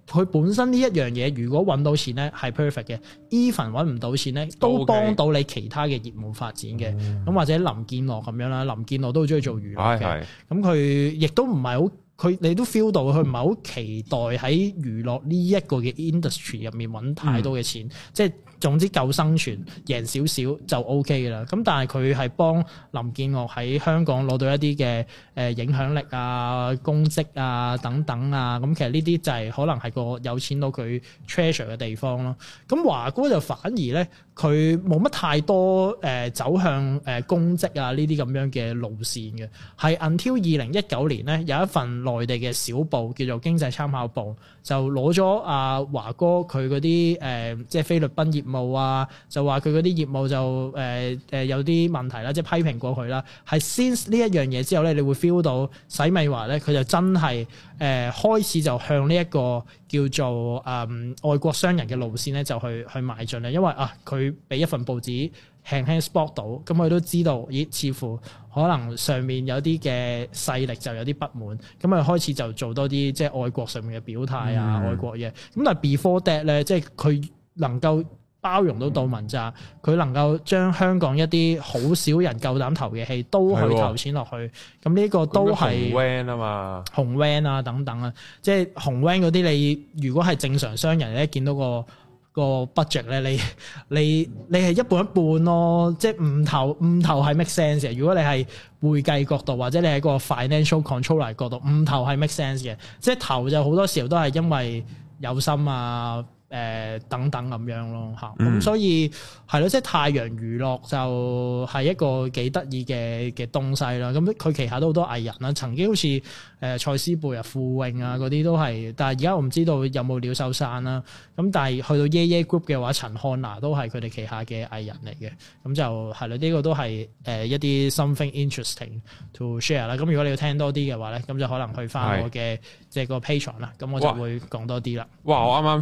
佢、呃、本身呢一樣嘢，如果揾到錢咧係 perfect 嘅，even 揾唔到錢咧都幫到你其他嘅業務發展嘅。咁或者林建樂咁樣啦，林建樂都好中意做娛樂嘅，咁佢亦都唔係好。佢你都 feel 到佢唔係好期待喺娛樂呢一個嘅 industry 入面搵太多嘅錢，嗯、即係。總之夠生存贏少少就 OK 嘅啦。咁但係佢係幫林建岳喺香港攞到一啲嘅誒影響力啊、公職啊等等啊。咁其實呢啲就係可能係個有錢到佢 treasure 嘅地方咯。咁華哥就反而咧，佢冇乜太多誒走向誒公職啊呢啲咁樣嘅路線嘅。係 until 二零一九年咧，有一份內地嘅小報叫做《經濟參考報》，就攞咗阿華哥佢嗰啲誒即係菲律賓業。冇啊，就話佢嗰啲業務就誒誒、呃呃、有啲問題啦，即係批評過佢啦。係 since 呢一樣嘢之後咧，你會 feel 到洗米華咧，佢就真係誒、呃、開始就向呢一個叫做誒、呃、愛國商人嘅路線咧，就去去邁進啦。因為啊，佢俾一份報紙輕輕 spot 到，咁佢都知道咦、欸，似乎可能上面有啲嘅勢力就有啲不滿，咁佢開始就做多啲即係愛國上面嘅表態啊，愛、嗯、國嘢。咁但係 before that 咧，即係佢能夠包容到杜汶澤？佢能夠將香港一啲好少人夠膽投嘅戲都去投錢落去，咁呢、嗯、個都係紅 van 啊嘛，紅 van 啊等等啊，即係紅 van 嗰啲你如果係正常商人咧，見到個個 budget 咧，你、那個那個、你你係一半一半咯，即係唔投唔投係 make sense 嘅。如果你係會計角度或者你係個 financial controller 角度，唔投係 make sense 嘅。即係投就好多時候都係因為有心啊。誒、呃、等等咁樣咯嚇，咁、嗯嗯、所以係咯，即係太陽娛樂就係一個幾得意嘅嘅東西啦。咁佢旗下都好多藝人啦，曾經好似誒蔡思貝啊、傅穎啊嗰啲都係，但係而家我唔知道有冇鳥收山啦。咁但係去到耶耶 group 嘅話，陳漢娜都係佢哋旗下嘅藝人嚟嘅，咁就係啦。呢、呢個都係誒一啲 something interesting to share 啦。咁如果你要聽多啲嘅話咧，咁就可能去翻我嘅即係個 Patreon 啦的。咁我就會講多啲啦。哇！我啱啱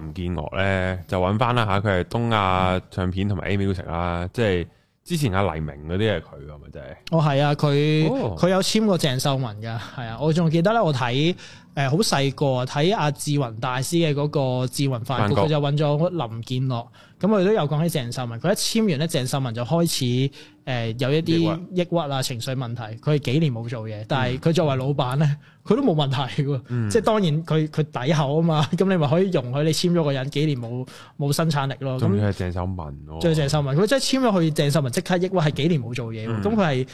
林建岳咧就揾翻啦嚇，佢係東亞唱片同埋 A Music 啦，usic, 即係之前阿、啊、黎明嗰啲係佢噶係咪真係？是是哦，係啊，佢佢、哦、有簽過鄭秀文噶，係啊，我仲記得咧，我睇誒好細個睇阿志雲大師嘅嗰個志雲飯局，佢國就揾咗林建岳。咁我哋都有講起鄭秀文，佢一簽完咧，鄭秀文就開始誒、呃、有一啲抑鬱啊情緒問題，佢係幾年冇做嘢，但係佢作為老闆咧，佢都冇問題喎，嗯、即係當然佢佢底厚啊嘛，咁你咪可以容許你簽咗個人幾年冇冇生產力咯。咁佢係鄭秀文咯，即係鄭秀文，佢真係簽咗去鄭秀文即刻抑鬱，係幾年冇做嘢，咁佢係。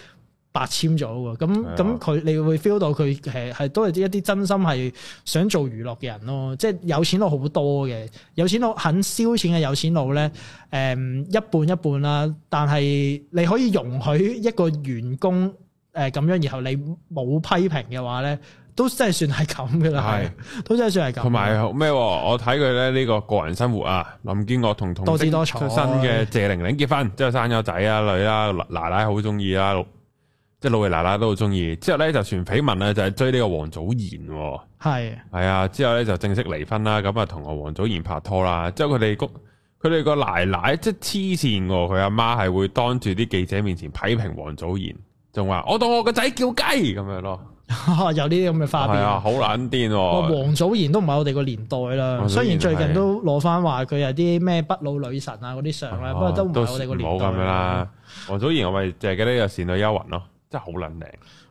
八簽咗㗎，咁咁佢你會 feel 到佢係係都係一啲真心係想做娛樂嘅人咯，即係有錢佬好多嘅，有錢佬肯燒錢嘅有錢佬咧，誒一半一半啦。但係你可以容許一個員工誒咁樣，然後你冇批評嘅話咧，都真係算係咁嘅啦，係的都真係算係咁。同埋咩？我睇佢咧呢個個人生活啊，林建岳同同多多新嘅謝玲玲結婚，即係生咗仔啊女啦，奶奶好中意啦。即係老爺奶奶都好中意，之後咧就傳緋聞咧就係、是、追呢個王祖賢、哦，係係啊，之後咧就正式離婚啦，咁啊同阿王祖賢拍拖啦，之後佢哋個佢哋個奶奶即係黐線，佢阿媽係會當住啲記者面前批評王祖賢，仲話我當我個仔叫雞咁樣咯， 有呢啲咁嘅花邊，好撚癲。啊、王祖賢都唔係我哋個年代啦，雖然最近都攞翻話佢有啲咩不老女神啊嗰啲相啦，啊、不過都唔係我哋個年代。冇咁樣啦，王祖賢我咪淨係記得有倩女幽魂咯。真係好撚靚，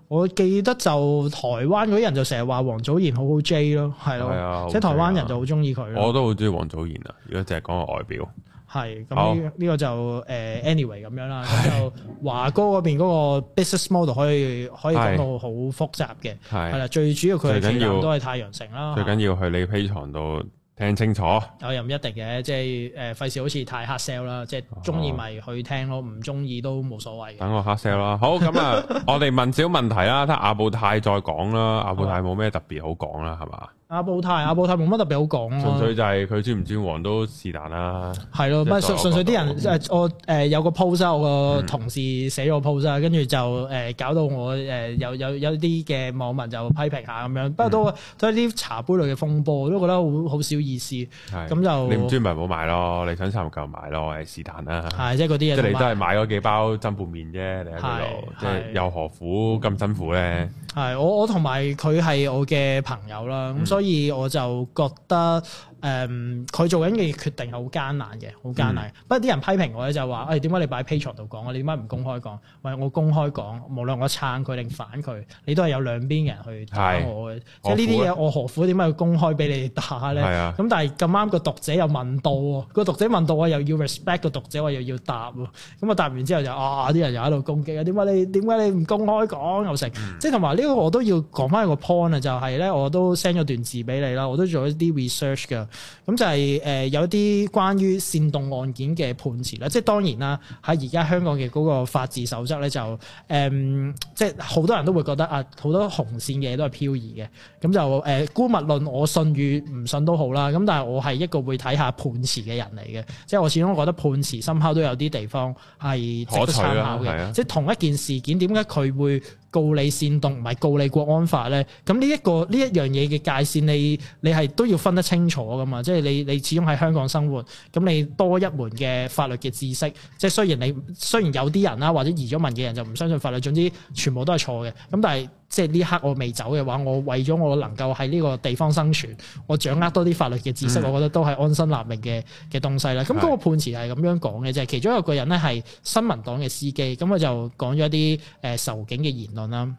我記得就台灣嗰啲人就成日話王祖賢好好 J 咯，係咯、啊，即係台灣人就好中意佢。我都好中意王祖賢啊！如果淨係講個外表，係咁呢個就誒、oh. 呃、anyway 咁樣啦。是咁就華哥嗰邊嗰個 business model 可以可以講到好複雜嘅，係啦、啊，啊、最主要佢係主要都係太陽城啦，最緊要去你披牀度。聽清楚，有又唔一定嘅，即係誒，費事好似太黑 sell 啦，即係中意咪去聽咯，唔中意都冇所謂。等我黑 sell 啦，好，咁啊， 我哋問少問題啦，睇阿布泰再講啦，阿布泰冇咩特別好講啦，係嘛、哦。阿布泰，阿布泰冇乜特別好講啊，純粹就係佢專唔專黃都是但啦。係咯，咪純粹啲人，即誒，我誒有個 post，我個同事寫咗個 post，跟住就誒搞到我誒有有有啲嘅網民就批評下咁樣。不過都都係啲茶杯類嘅風波，都覺得好好少意思。咁就你唔專咪唔好買咯，你想參唔夠買咯，係是但啦。係即係嗰啲嘢。即係你都係買咗幾包真拌麵啫，你喺度，即係又何苦咁辛苦咧？係我我同埋佢係我嘅朋友啦，咁所以。所以我就覺得。誒，佢、嗯、做緊嘅決定係好艱難嘅，好艱難。不過啲人批評我咧，就話：誒點解你擺喺 Patreon 度講啊？你點解唔公開講？喂，我公開講，無論我撐佢定反佢，你都係有兩邊人去打我嘅。是即係呢啲嘢，我，我何苦點解要公開俾你打咧？咁、啊嗯、但係咁啱個讀者又問到喎， 個讀者問到我又要 respect 個讀者，我又要答喎。咁、嗯、啊答完之後就啊，啲人又喺度攻擊啊，點解你點解你唔公開講？又成，嗯、即係同埋呢個我都要講翻一個 point 啊，就係、是、咧我都 send 咗段字俾你啦，我都做一啲 research 嘅。咁就係、是、誒、呃、有啲關於煽動案件嘅判詞啦，即係當然啦，喺而家香港嘅嗰個法治守則咧，就、呃、誒即係好多人都會覺得啊，好多紅線嘅嘢都係漂移嘅，咁就誒、呃、孤物論，我信與唔信都好啦，咁但係我係一個會睇下判詞嘅人嚟嘅，即係我始終覺得判詞深刻都有啲地方係值得參考嘅，啊、即係同一件事件點解佢會告你煽動，唔係告你國安法咧。咁呢一個呢一樣嘢嘅界線你，你你係都要分得清楚噶嘛。即係你你始終喺香港生活，咁你多一門嘅法律嘅知識，即係雖然你雖然有啲人啦，或者移咗民嘅人就唔相信法律，總之全部都係錯嘅。咁但係。即係呢刻我未走嘅話，我為咗我能夠喺呢個地方生存，我掌握多啲法律嘅知識，我覺得都係安身立命嘅嘅東西啦。咁嗰、嗯、個判詞係咁樣講嘅即係。其中一個人咧，係新民黨嘅司機，咁佢就講咗一啲誒仇警嘅言論啦。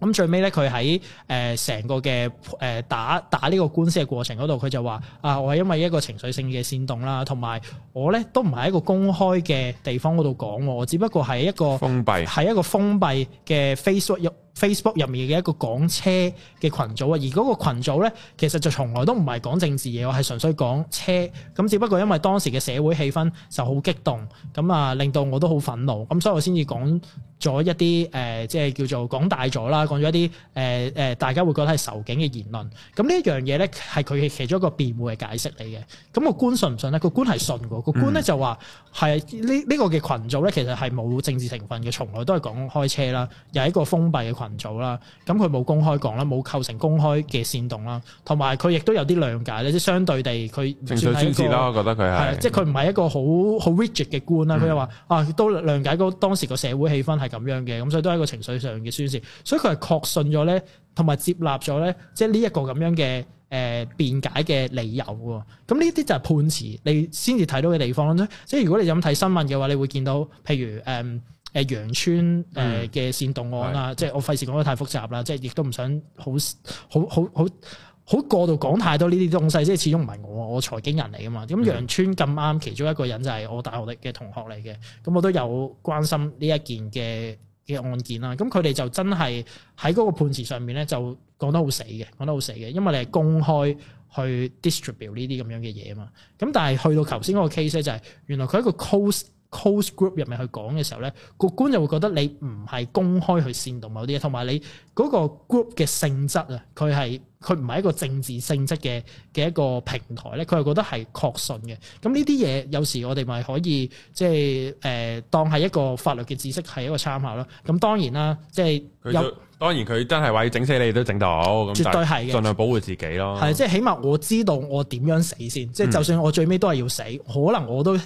咁最尾咧，佢喺誒成個嘅誒打打呢個官司嘅過程嗰度，佢就話：啊，我係因為一個情緒性嘅煽動啦，同埋我咧都唔係一個公開嘅地方嗰度講，我只不過係一個封閉，係一個封閉嘅 Facebook 入 Facebook 入面嘅一個講車嘅群組啊。而嗰個羣組咧，其實就從來都唔係講政治嘢，我係純粹講車。咁只不過因為當時嘅社會氣氛就好激動，咁啊令到我都好憤怒，咁所以我先至講。咗一啲誒，即、呃、係叫做講大咗啦，講咗一啲誒誒，大家會覺得係仇警嘅言論。咁呢一樣嘢咧，係佢嘅其中一個辯護嘅解釋嚟嘅。咁、個官信唔信咧？個官係信嘅。個官咧就話係呢呢個嘅群組咧，其實係冇政治成分嘅，從來都係講開車啦，又係一個封閉嘅群組啦。咁佢冇公開講啦，冇構成公開嘅煽動啦。同埋佢亦都有啲諒解咧，即係相對地，佢團隊覺得佢係即係佢唔係一個好好 rigid 嘅官啦。佢又話啊，都諒解嗰當時個社會氣氛係。咁樣嘅，咁所以都係一個情緒上嘅宣泄，所以佢係確信咗咧，同埋接納咗咧，即係呢一個咁樣嘅誒辯解嘅理由。咁呢啲就係判詞，你先至睇到嘅地方咯。即係如果你咁睇新聞嘅話，你會見到譬如誒誒羊村誒嘅、呃、煽動案啦，嗯、即係我費事講得太複雜啦，即係亦都唔想好好好好。好好好過度講太多呢啲東西，即係始終唔係我，我財經人嚟噶嘛。咁羊、嗯、村咁啱，其中一個人就係我大學嘅同學嚟嘅，咁我都有關心呢一件嘅嘅案件啦。咁佢哋就真係喺嗰個判詞上面咧，就講得好死嘅，講得好死嘅，因為你係公開去 distribute 呢啲咁樣嘅嘢嘛。咁但係去到頭先嗰個 case 咧，就係、是、原來佢一個 close close group 入面去講嘅時候咧，個官就會覺得你唔係公開去煽動某啲嘢，同埋你嗰個 group 嘅性質啊，佢係佢唔係一個政治性質嘅嘅一個平台咧，佢係覺得係確信嘅。咁呢啲嘢有時我哋咪可以即係誒、呃、當係一個法律嘅知識係一個參考咯。咁當然啦，即係當然佢真係話要整死你都整到，絕對係嘅。盡量保護自己咯。係即係起碼我知道我點樣死先，即係、嗯、就算我最尾都係要死，可能我都。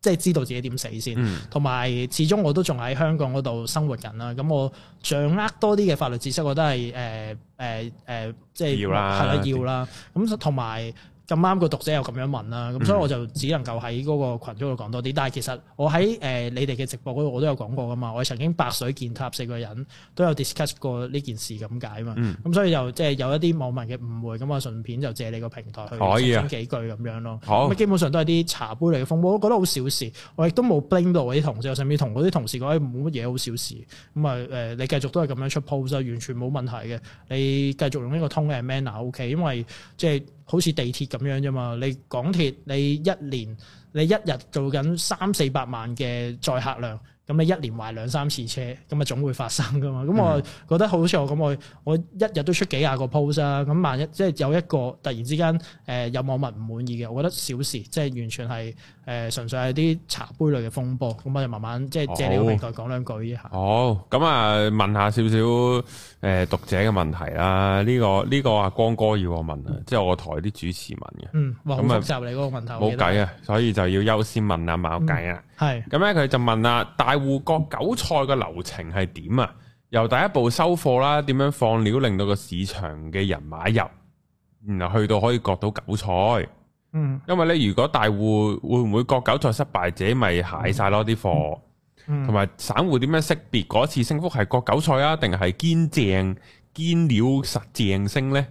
即係知道自己點死先，同埋、嗯、始終我都仲喺香港嗰度生活緊啦。咁我掌握多啲嘅法律知識，我都係誒誒誒，即係要啦，係啦，要啦。咁同埋。咁啱個讀者又咁樣問啦，咁、嗯、所以我就只能夠喺嗰個群組度講多啲。但係其實我喺誒、呃、你哋嘅直播嗰度，我都有講過噶嘛。我曾經白水建塔四個人都有 discuss 過呢件事咁解嘛。咁、嗯、所以就即係、就是、有一啲網民嘅誤會，咁我順便就借你個平台去澄清、啊、幾句咁樣咯。好基本上都係啲茶杯嚟嘅風波，我覺得好、哎、好小事。我亦都冇 blame 到我啲同事，我甚至同我啲同事講：，誒冇乜嘢，好小事。咁啊誒，你繼續都係咁樣出 post，完全冇問題嘅。你繼續用呢個通嘅 manner，O、okay, K，因為，因為即係。好似地鐵咁樣啫嘛，你港鐵你一年你一日做緊三四百萬嘅載客量。咁你一年壞兩三次車，咁啊總會發生噶嘛？咁我覺得好似我咁，我我一日都出幾廿個 post 啊！咁萬一即係、就是、有一個突然之間誒、呃、有網民唔滿意嘅，我覺得小事，即、就、係、是、完全係誒、呃、純粹係啲茶杯類嘅風波。咁我就慢慢即係、就是、借呢個平台講兩句一下好，咁、哦哦、啊問下少少誒、呃、讀者嘅問題啦。呢、這個呢、這個阿光哥要我問啊，嗯、即係我台啲主持問嘅。嗯，咁啊集你嗰個問題好，冇計啊，得所以就要優先問啊冇計啊。係，咁咧佢就問啦，大戶割韭菜嘅流程係點啊？由第一步收貨啦，點樣放料令到個市場嘅人買入，然後去到可以割到韭菜。嗯，因為咧，如果大戶會唔會割韭菜失敗者，咪蟹晒咯啲貨。同埋散戶點樣識別嗰次升幅係割韭菜啊，定係堅正堅料實正升呢？」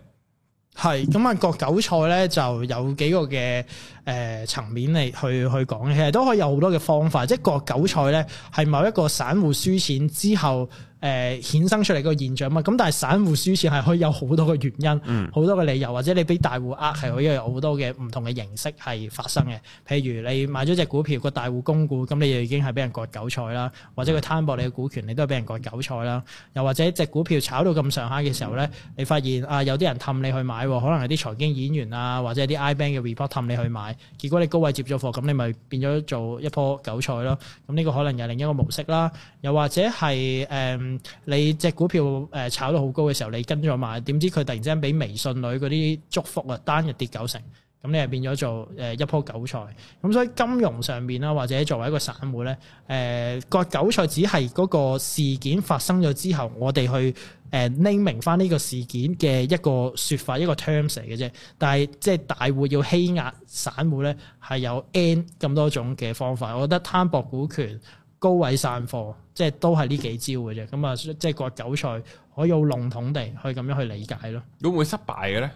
係咁啊，割韭菜咧就有幾個嘅誒層面嚟去去講嘅，其實都可以有好多嘅方法，即係割韭菜咧係某一個散戶輸錢之後。誒衍、呃、生出嚟個現象嘛，咁但係散戶輸錢係可以有好多個原因，好、嗯、多個理由，或者你俾大戶呃係可以有好多嘅唔同嘅形式係發生嘅。譬如你買咗隻股票，個大戶供股，咁你就已經係俾人割韭菜啦，或者佢攤薄你嘅股權，你都係俾人割韭菜啦。又或者隻股票炒到咁上下嘅時候咧，嗯、你發現啊有啲人氹你去買，可能係啲財經演員啊，或者啲 I bank 嘅 report 氹你去買，結果你高位接咗貨，咁你咪變咗做一樖韭菜咯。咁呢個可能又另一個模式啦。又或者係誒、嗯、你隻股票誒炒到好高嘅時候，你跟咗買，點知佢突然之間俾微信女嗰啲祝福啊，單日跌九成，咁你係變咗做誒一樖韭菜。咁、嗯、所以金融上面啦，或者作為一個散戶咧，誒、呃、割韭菜只係嗰個事件發生咗之後，我哋去誒 naming 翻呢個事件嘅一個説法，一個 terms 嚟嘅啫。但係即係大戶要欺壓散戶咧，係有 N 咁多種嘅方法。我覺得攤薄股權。高位散貨，即係都係呢幾招嘅啫。咁啊，即係割韭菜，可以好籠統地去咁樣去理解咯。有冇會失敗嘅咧？誒、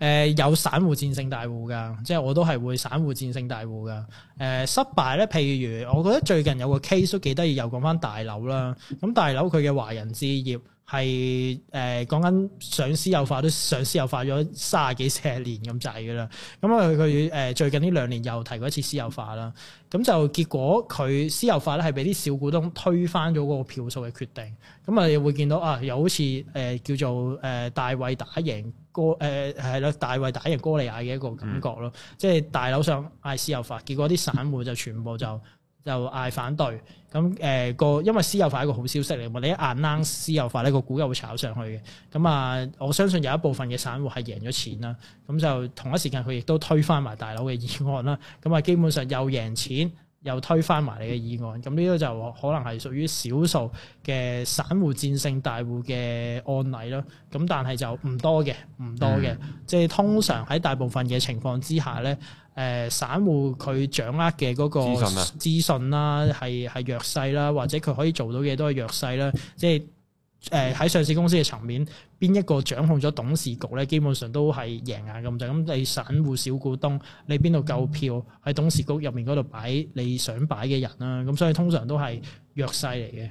呃，有散戶戰勝大戶噶，即係我都係會散戶戰勝大戶噶。誒、呃，失敗咧，譬如我覺得最近有個 case 都幾得意，又講翻大樓啦。咁大樓佢嘅華人置業。係誒講緊上私有化都上私有化咗三啊幾四年咁滯㗎啦，咁啊佢佢最近呢兩年又提過一次私有化啦，咁就結果佢私有化咧係俾啲小股東推翻咗嗰個票數嘅決定，咁啊你會見到啊又好似誒、呃、叫做誒大衞打贏哥誒係咯大衞打贏哥利亞嘅一個感覺咯，即係、嗯、大樓上嗌私有化，結果啲散戶就全部就。就嗌反對，咁、那、誒個，因為私有化一個好消息嚟，我哋一硬 n 私有化呢、那個股又會炒上去嘅，咁啊，我相信有一部分嘅散戶係贏咗錢啦，咁就同一時間佢亦都推翻埋大佬嘅議案啦，咁啊，基本上又贏錢。又推翻埋你嘅議案，咁呢個就可能係屬於少數嘅散戶戰勝大戶嘅案例咯。咁但係就唔多嘅，唔多嘅，嗯、即係通常喺大部分嘅情況之下咧，誒、呃、散戶佢掌握嘅嗰個資訊啦，係係、啊、弱勢啦，或者佢可以做到嘅都係弱勢啦，即係。誒，喺、呃、上市公司嘅層面，邊一個掌控咗董事局咧？基本上都係贏啊咁就咁。你散戶小股東，你邊度夠票喺董事局入面嗰度擺你想擺嘅人啦，咁所以通常都係弱勢嚟嘅。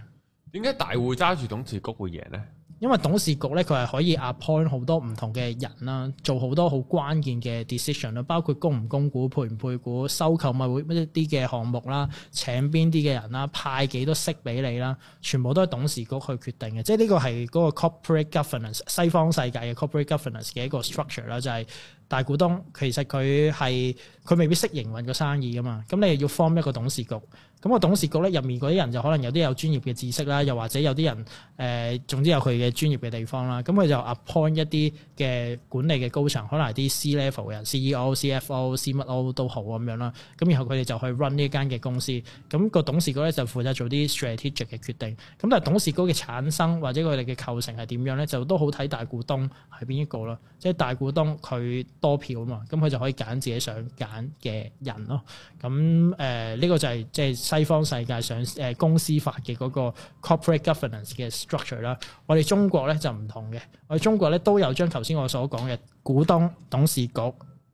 點解大戶揸住董事局會贏咧？因為董事局咧，佢係可以 appoint 好多唔同嘅人啦，做好多好關鍵嘅 decision 啦，包括供唔供股、配唔配股、收購咪會一啲嘅項目啦、請邊啲嘅人啦、派幾多息俾你啦，全部都係董事局去決定嘅。即係呢個係嗰個 corporate governance 西方世界嘅 corporate governance 嘅一個 structure 啦，就係大股東其實佢係佢未必識營運個生意㗎嘛，咁你又要 form 一個董事局。咁個董事局咧入面嗰啲人就可能有啲有專業嘅知識啦，又或者有啲人誒、呃，總之有佢嘅專業嘅地方啦。咁佢就 appoint 一啲嘅管理嘅高層，可能係啲 C level 人、CEO、CFO、C 乜 O 都好咁樣啦。咁然後佢哋就去 run 呢間嘅公司。咁個董事局咧就負責做啲 strategic 嘅決定。咁但係董事局嘅產生或者佢哋嘅構成係點樣咧，就都好睇大股東係邊一個咯。即係大股東佢多票啊嘛，咁佢就可以揀自己想揀嘅人咯。咁誒呢個就係即係。就係西方世界上誒公司法嘅嗰個 corporate governance 嘅 structure 啦，我哋中國咧就唔同嘅，我哋中國咧都有將頭先我所講嘅股東董事局。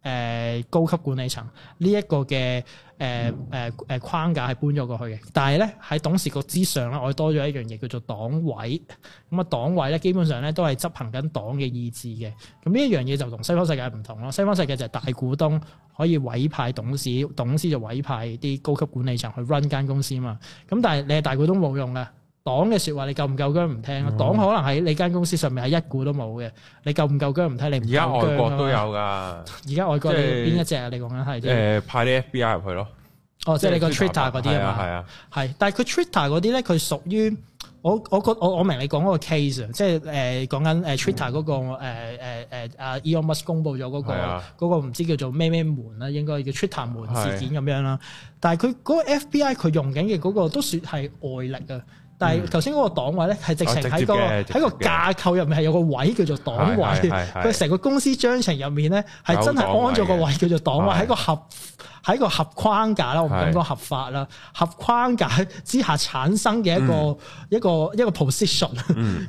誒、呃、高級管理層呢一、這個嘅誒誒誒框架係搬咗過去嘅，但係咧喺董事局之上咧，我多咗一樣嘢叫做黨委。咁、嗯、啊黨委咧基本上咧都係執行緊黨嘅意志嘅。咁呢一樣嘢就同西方世界唔同咯。西方世界就係大股東可以委派董事，董事就委派啲高級管理層去 run 間公司嘛。咁、嗯、但係你係大股東冇用噶。黨嘅說話你夠唔夠姜唔聽咯、啊？黨可能喺你間公司上面係一股都冇嘅，你夠唔夠姜唔睇你。而家外國都有㗎。而家外國邊一隻啊？你講緊係誒派啲 FBI 入去咯。哦，即係你個 Tw 的 Twitter 嗰啲啊嘛。係啊，係。但係佢 Twitter 嗰啲咧，佢屬於我我我我明你講嗰個 case 啊、就是，即係誒講緊誒 Twitter 嗰、嗯那個誒誒啊 Elon Musk 公布咗嗰、那個嗰的個唔知叫做咩咩門啦，應該叫 Twitter 門事件咁樣啦。但係佢嗰個 FBI 佢用緊嘅嗰個都算係外力啊。但係頭先嗰個黨位咧、那個，係直情喺嗰個喺個架構入面係有個位叫做黨位，佢成個公司章程入面咧係真係安咗個位叫做黨位喺的個合喺個合框架啦，我唔敢講合法啦，合框架之下產生嘅一個一個一個,一個 position，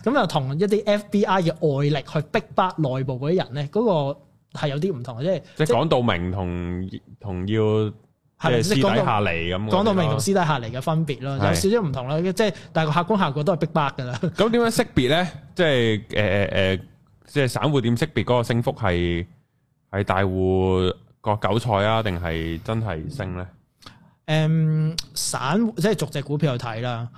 咁又同一啲 FBI 嘅外力去逼迫內部嗰啲人咧，嗰、那個係有啲唔同嘅，的的即係即係講到明同同要。係私底下嚟咁，講到明同私底下嚟嘅分別咯，有少少唔同啦。即係大個客觀效果都係逼逼噶啦。咁點樣識別咧？即係誒誒，即係散戶點識別嗰個升幅係係大戶割韭菜啊，定係真係升咧？嗯，散戶即係逐隻股票去睇啦，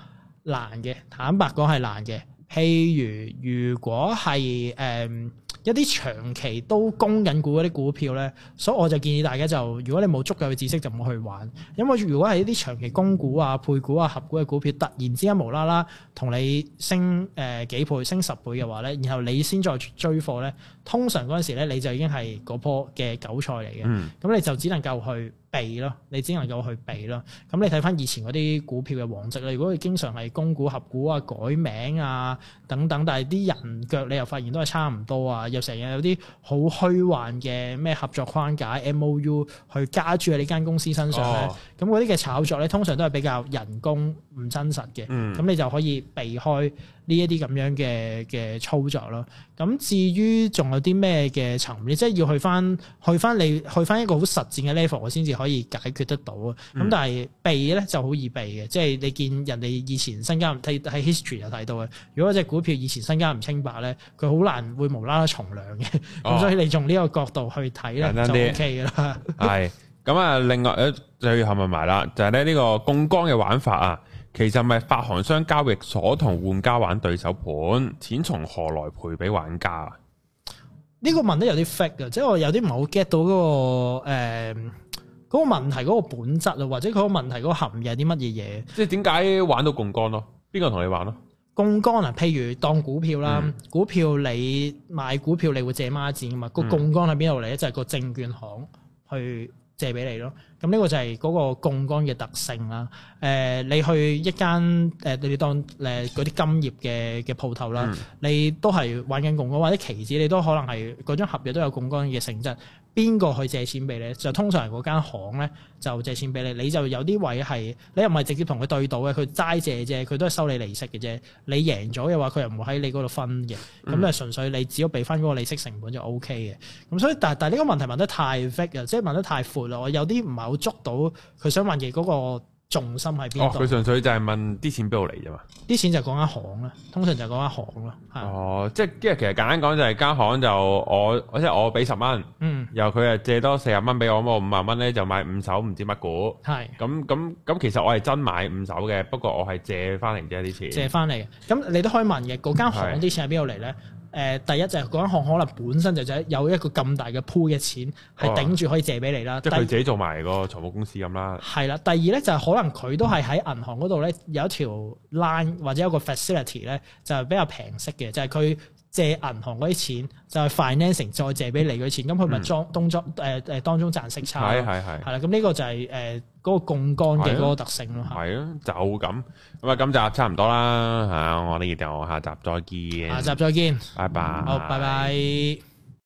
難嘅，坦白講係難嘅。譬如如果係誒。一啲長期都供緊股嗰啲股票咧，所以我就建議大家就如果你冇足夠嘅知識就唔好去玩，因為如果係一啲長期供股啊、配股啊、合股嘅股票，突然之間無啦啦同你升誒、呃、幾倍、升十倍嘅話咧，然後你先再追貨咧，通常嗰陣時咧你就已經係嗰樖嘅韭菜嚟嘅，咁、嗯、你就只能夠去避咯，你只能夠去避咯。咁你睇翻以前嗰啲股票嘅往績咧，如果你經常係供股、合股啊、改名啊等等，但係啲人腳你又發現都係差唔多啊。又成日有啲好虛幻嘅咩合作框架 MOU 去加注喺呢間公司身上咧，咁嗰啲嘅炒作咧，通常都係比較人工唔真實嘅，咁，mm. 你就可以避開。呢一啲咁樣嘅嘅操作咯，咁至於仲有啲咩嘅層面，即係要去翻去翻你去翻一個好實戰嘅 level，我先至可以解決得到啊。咁但係避咧就好易避嘅，即係你見人哋以前身家唔睇喺 history 就睇到嘅。如果隻股票以前身家唔清白咧，佢好難會無啦啦重倉嘅。咁、哦、所以你從呢個角度去睇咧，就 OK 㗎啦。係咁啊，另外誒，最後問埋啦，就係咧呢個槓桿嘅玩法啊。其實咪發行商、交易所同玩家玩對手盤，錢從何來賠俾玩家啊？呢個問得有啲 fact 嘅，即係我有啲唔好 get 到嗰、嗰個誒嗰、呃嗰個問題嗰個本質啊，或者佢個問題嗰個含有啲乜嘢嘢？即係點解玩到槓桿咯？邊個同你玩咯？槓桿啊！譬如當股票啦，嗯、股票你買股票你會借孖展㗎嘛？個槓桿喺邊度嚟咧？就係、係、個證券行去。借俾你咯，咁呢個就係嗰個槓桿嘅特性啦。誒、呃，你去一間誒、呃，你當誒嗰啲金業嘅嘅鋪頭啦，嗯、你都係玩緊槓桿或者期指，你都可能係嗰張合約都有槓桿嘅性質。邊個去借錢俾你？就通常嗰間行咧就借錢俾你，你就有啲位係你又唔係直接同佢對賭嘅，佢齋借啫，佢都係收你利息嘅啫。你贏咗嘅話，佢又唔會喺你嗰度分嘅，咁、嗯、就純粹你只要俾翻嗰個利息成本就 O K 嘅。咁，所以但係但係呢個問題問得太 f 闊啊，即、就、係、是、問得太闊啦，我有啲唔係好捉到佢想問嘅嗰、那個。重心喺邊度？哦，佢純粹就係問啲錢邊度嚟啫嘛。啲錢就講一行啦，通常就講一行啦。哦，即係即係，其實簡單講就係間行就我，即係我俾十蚊，嗯，然後佢啊借多四十蚊俾我，咁我五萬蚊咧就買五手唔知乜股，係咁咁咁，其實我係真買五手嘅，不過我係借翻嚟啫啲錢。借翻嚟，咁你都可以問嘅，嗰間行啲錢喺邊度嚟咧？誒第一就係、是、嗰行可能本身就係有一個咁大嘅鋪嘅錢係頂住可以借俾你啦。哦、第二即係佢自己做埋個財務公司咁啦。係啦，第二咧就係可能佢都係喺銀行嗰度咧有一條 line、嗯、或者有個 facility 咧就係比較平息嘅，就係佢。借銀行嗰啲錢就係 financing 再借俾你嗰啲錢，咁佢咪裝動作誒誒當中賺息差。係係係。係啦，咁呢個就係誒嗰個槓桿嘅嗰個特性咯。係咯對，對就咁咁啊，今集差唔多啦嚇，我呢個就下集再見。下集再見。拜拜。好，拜拜。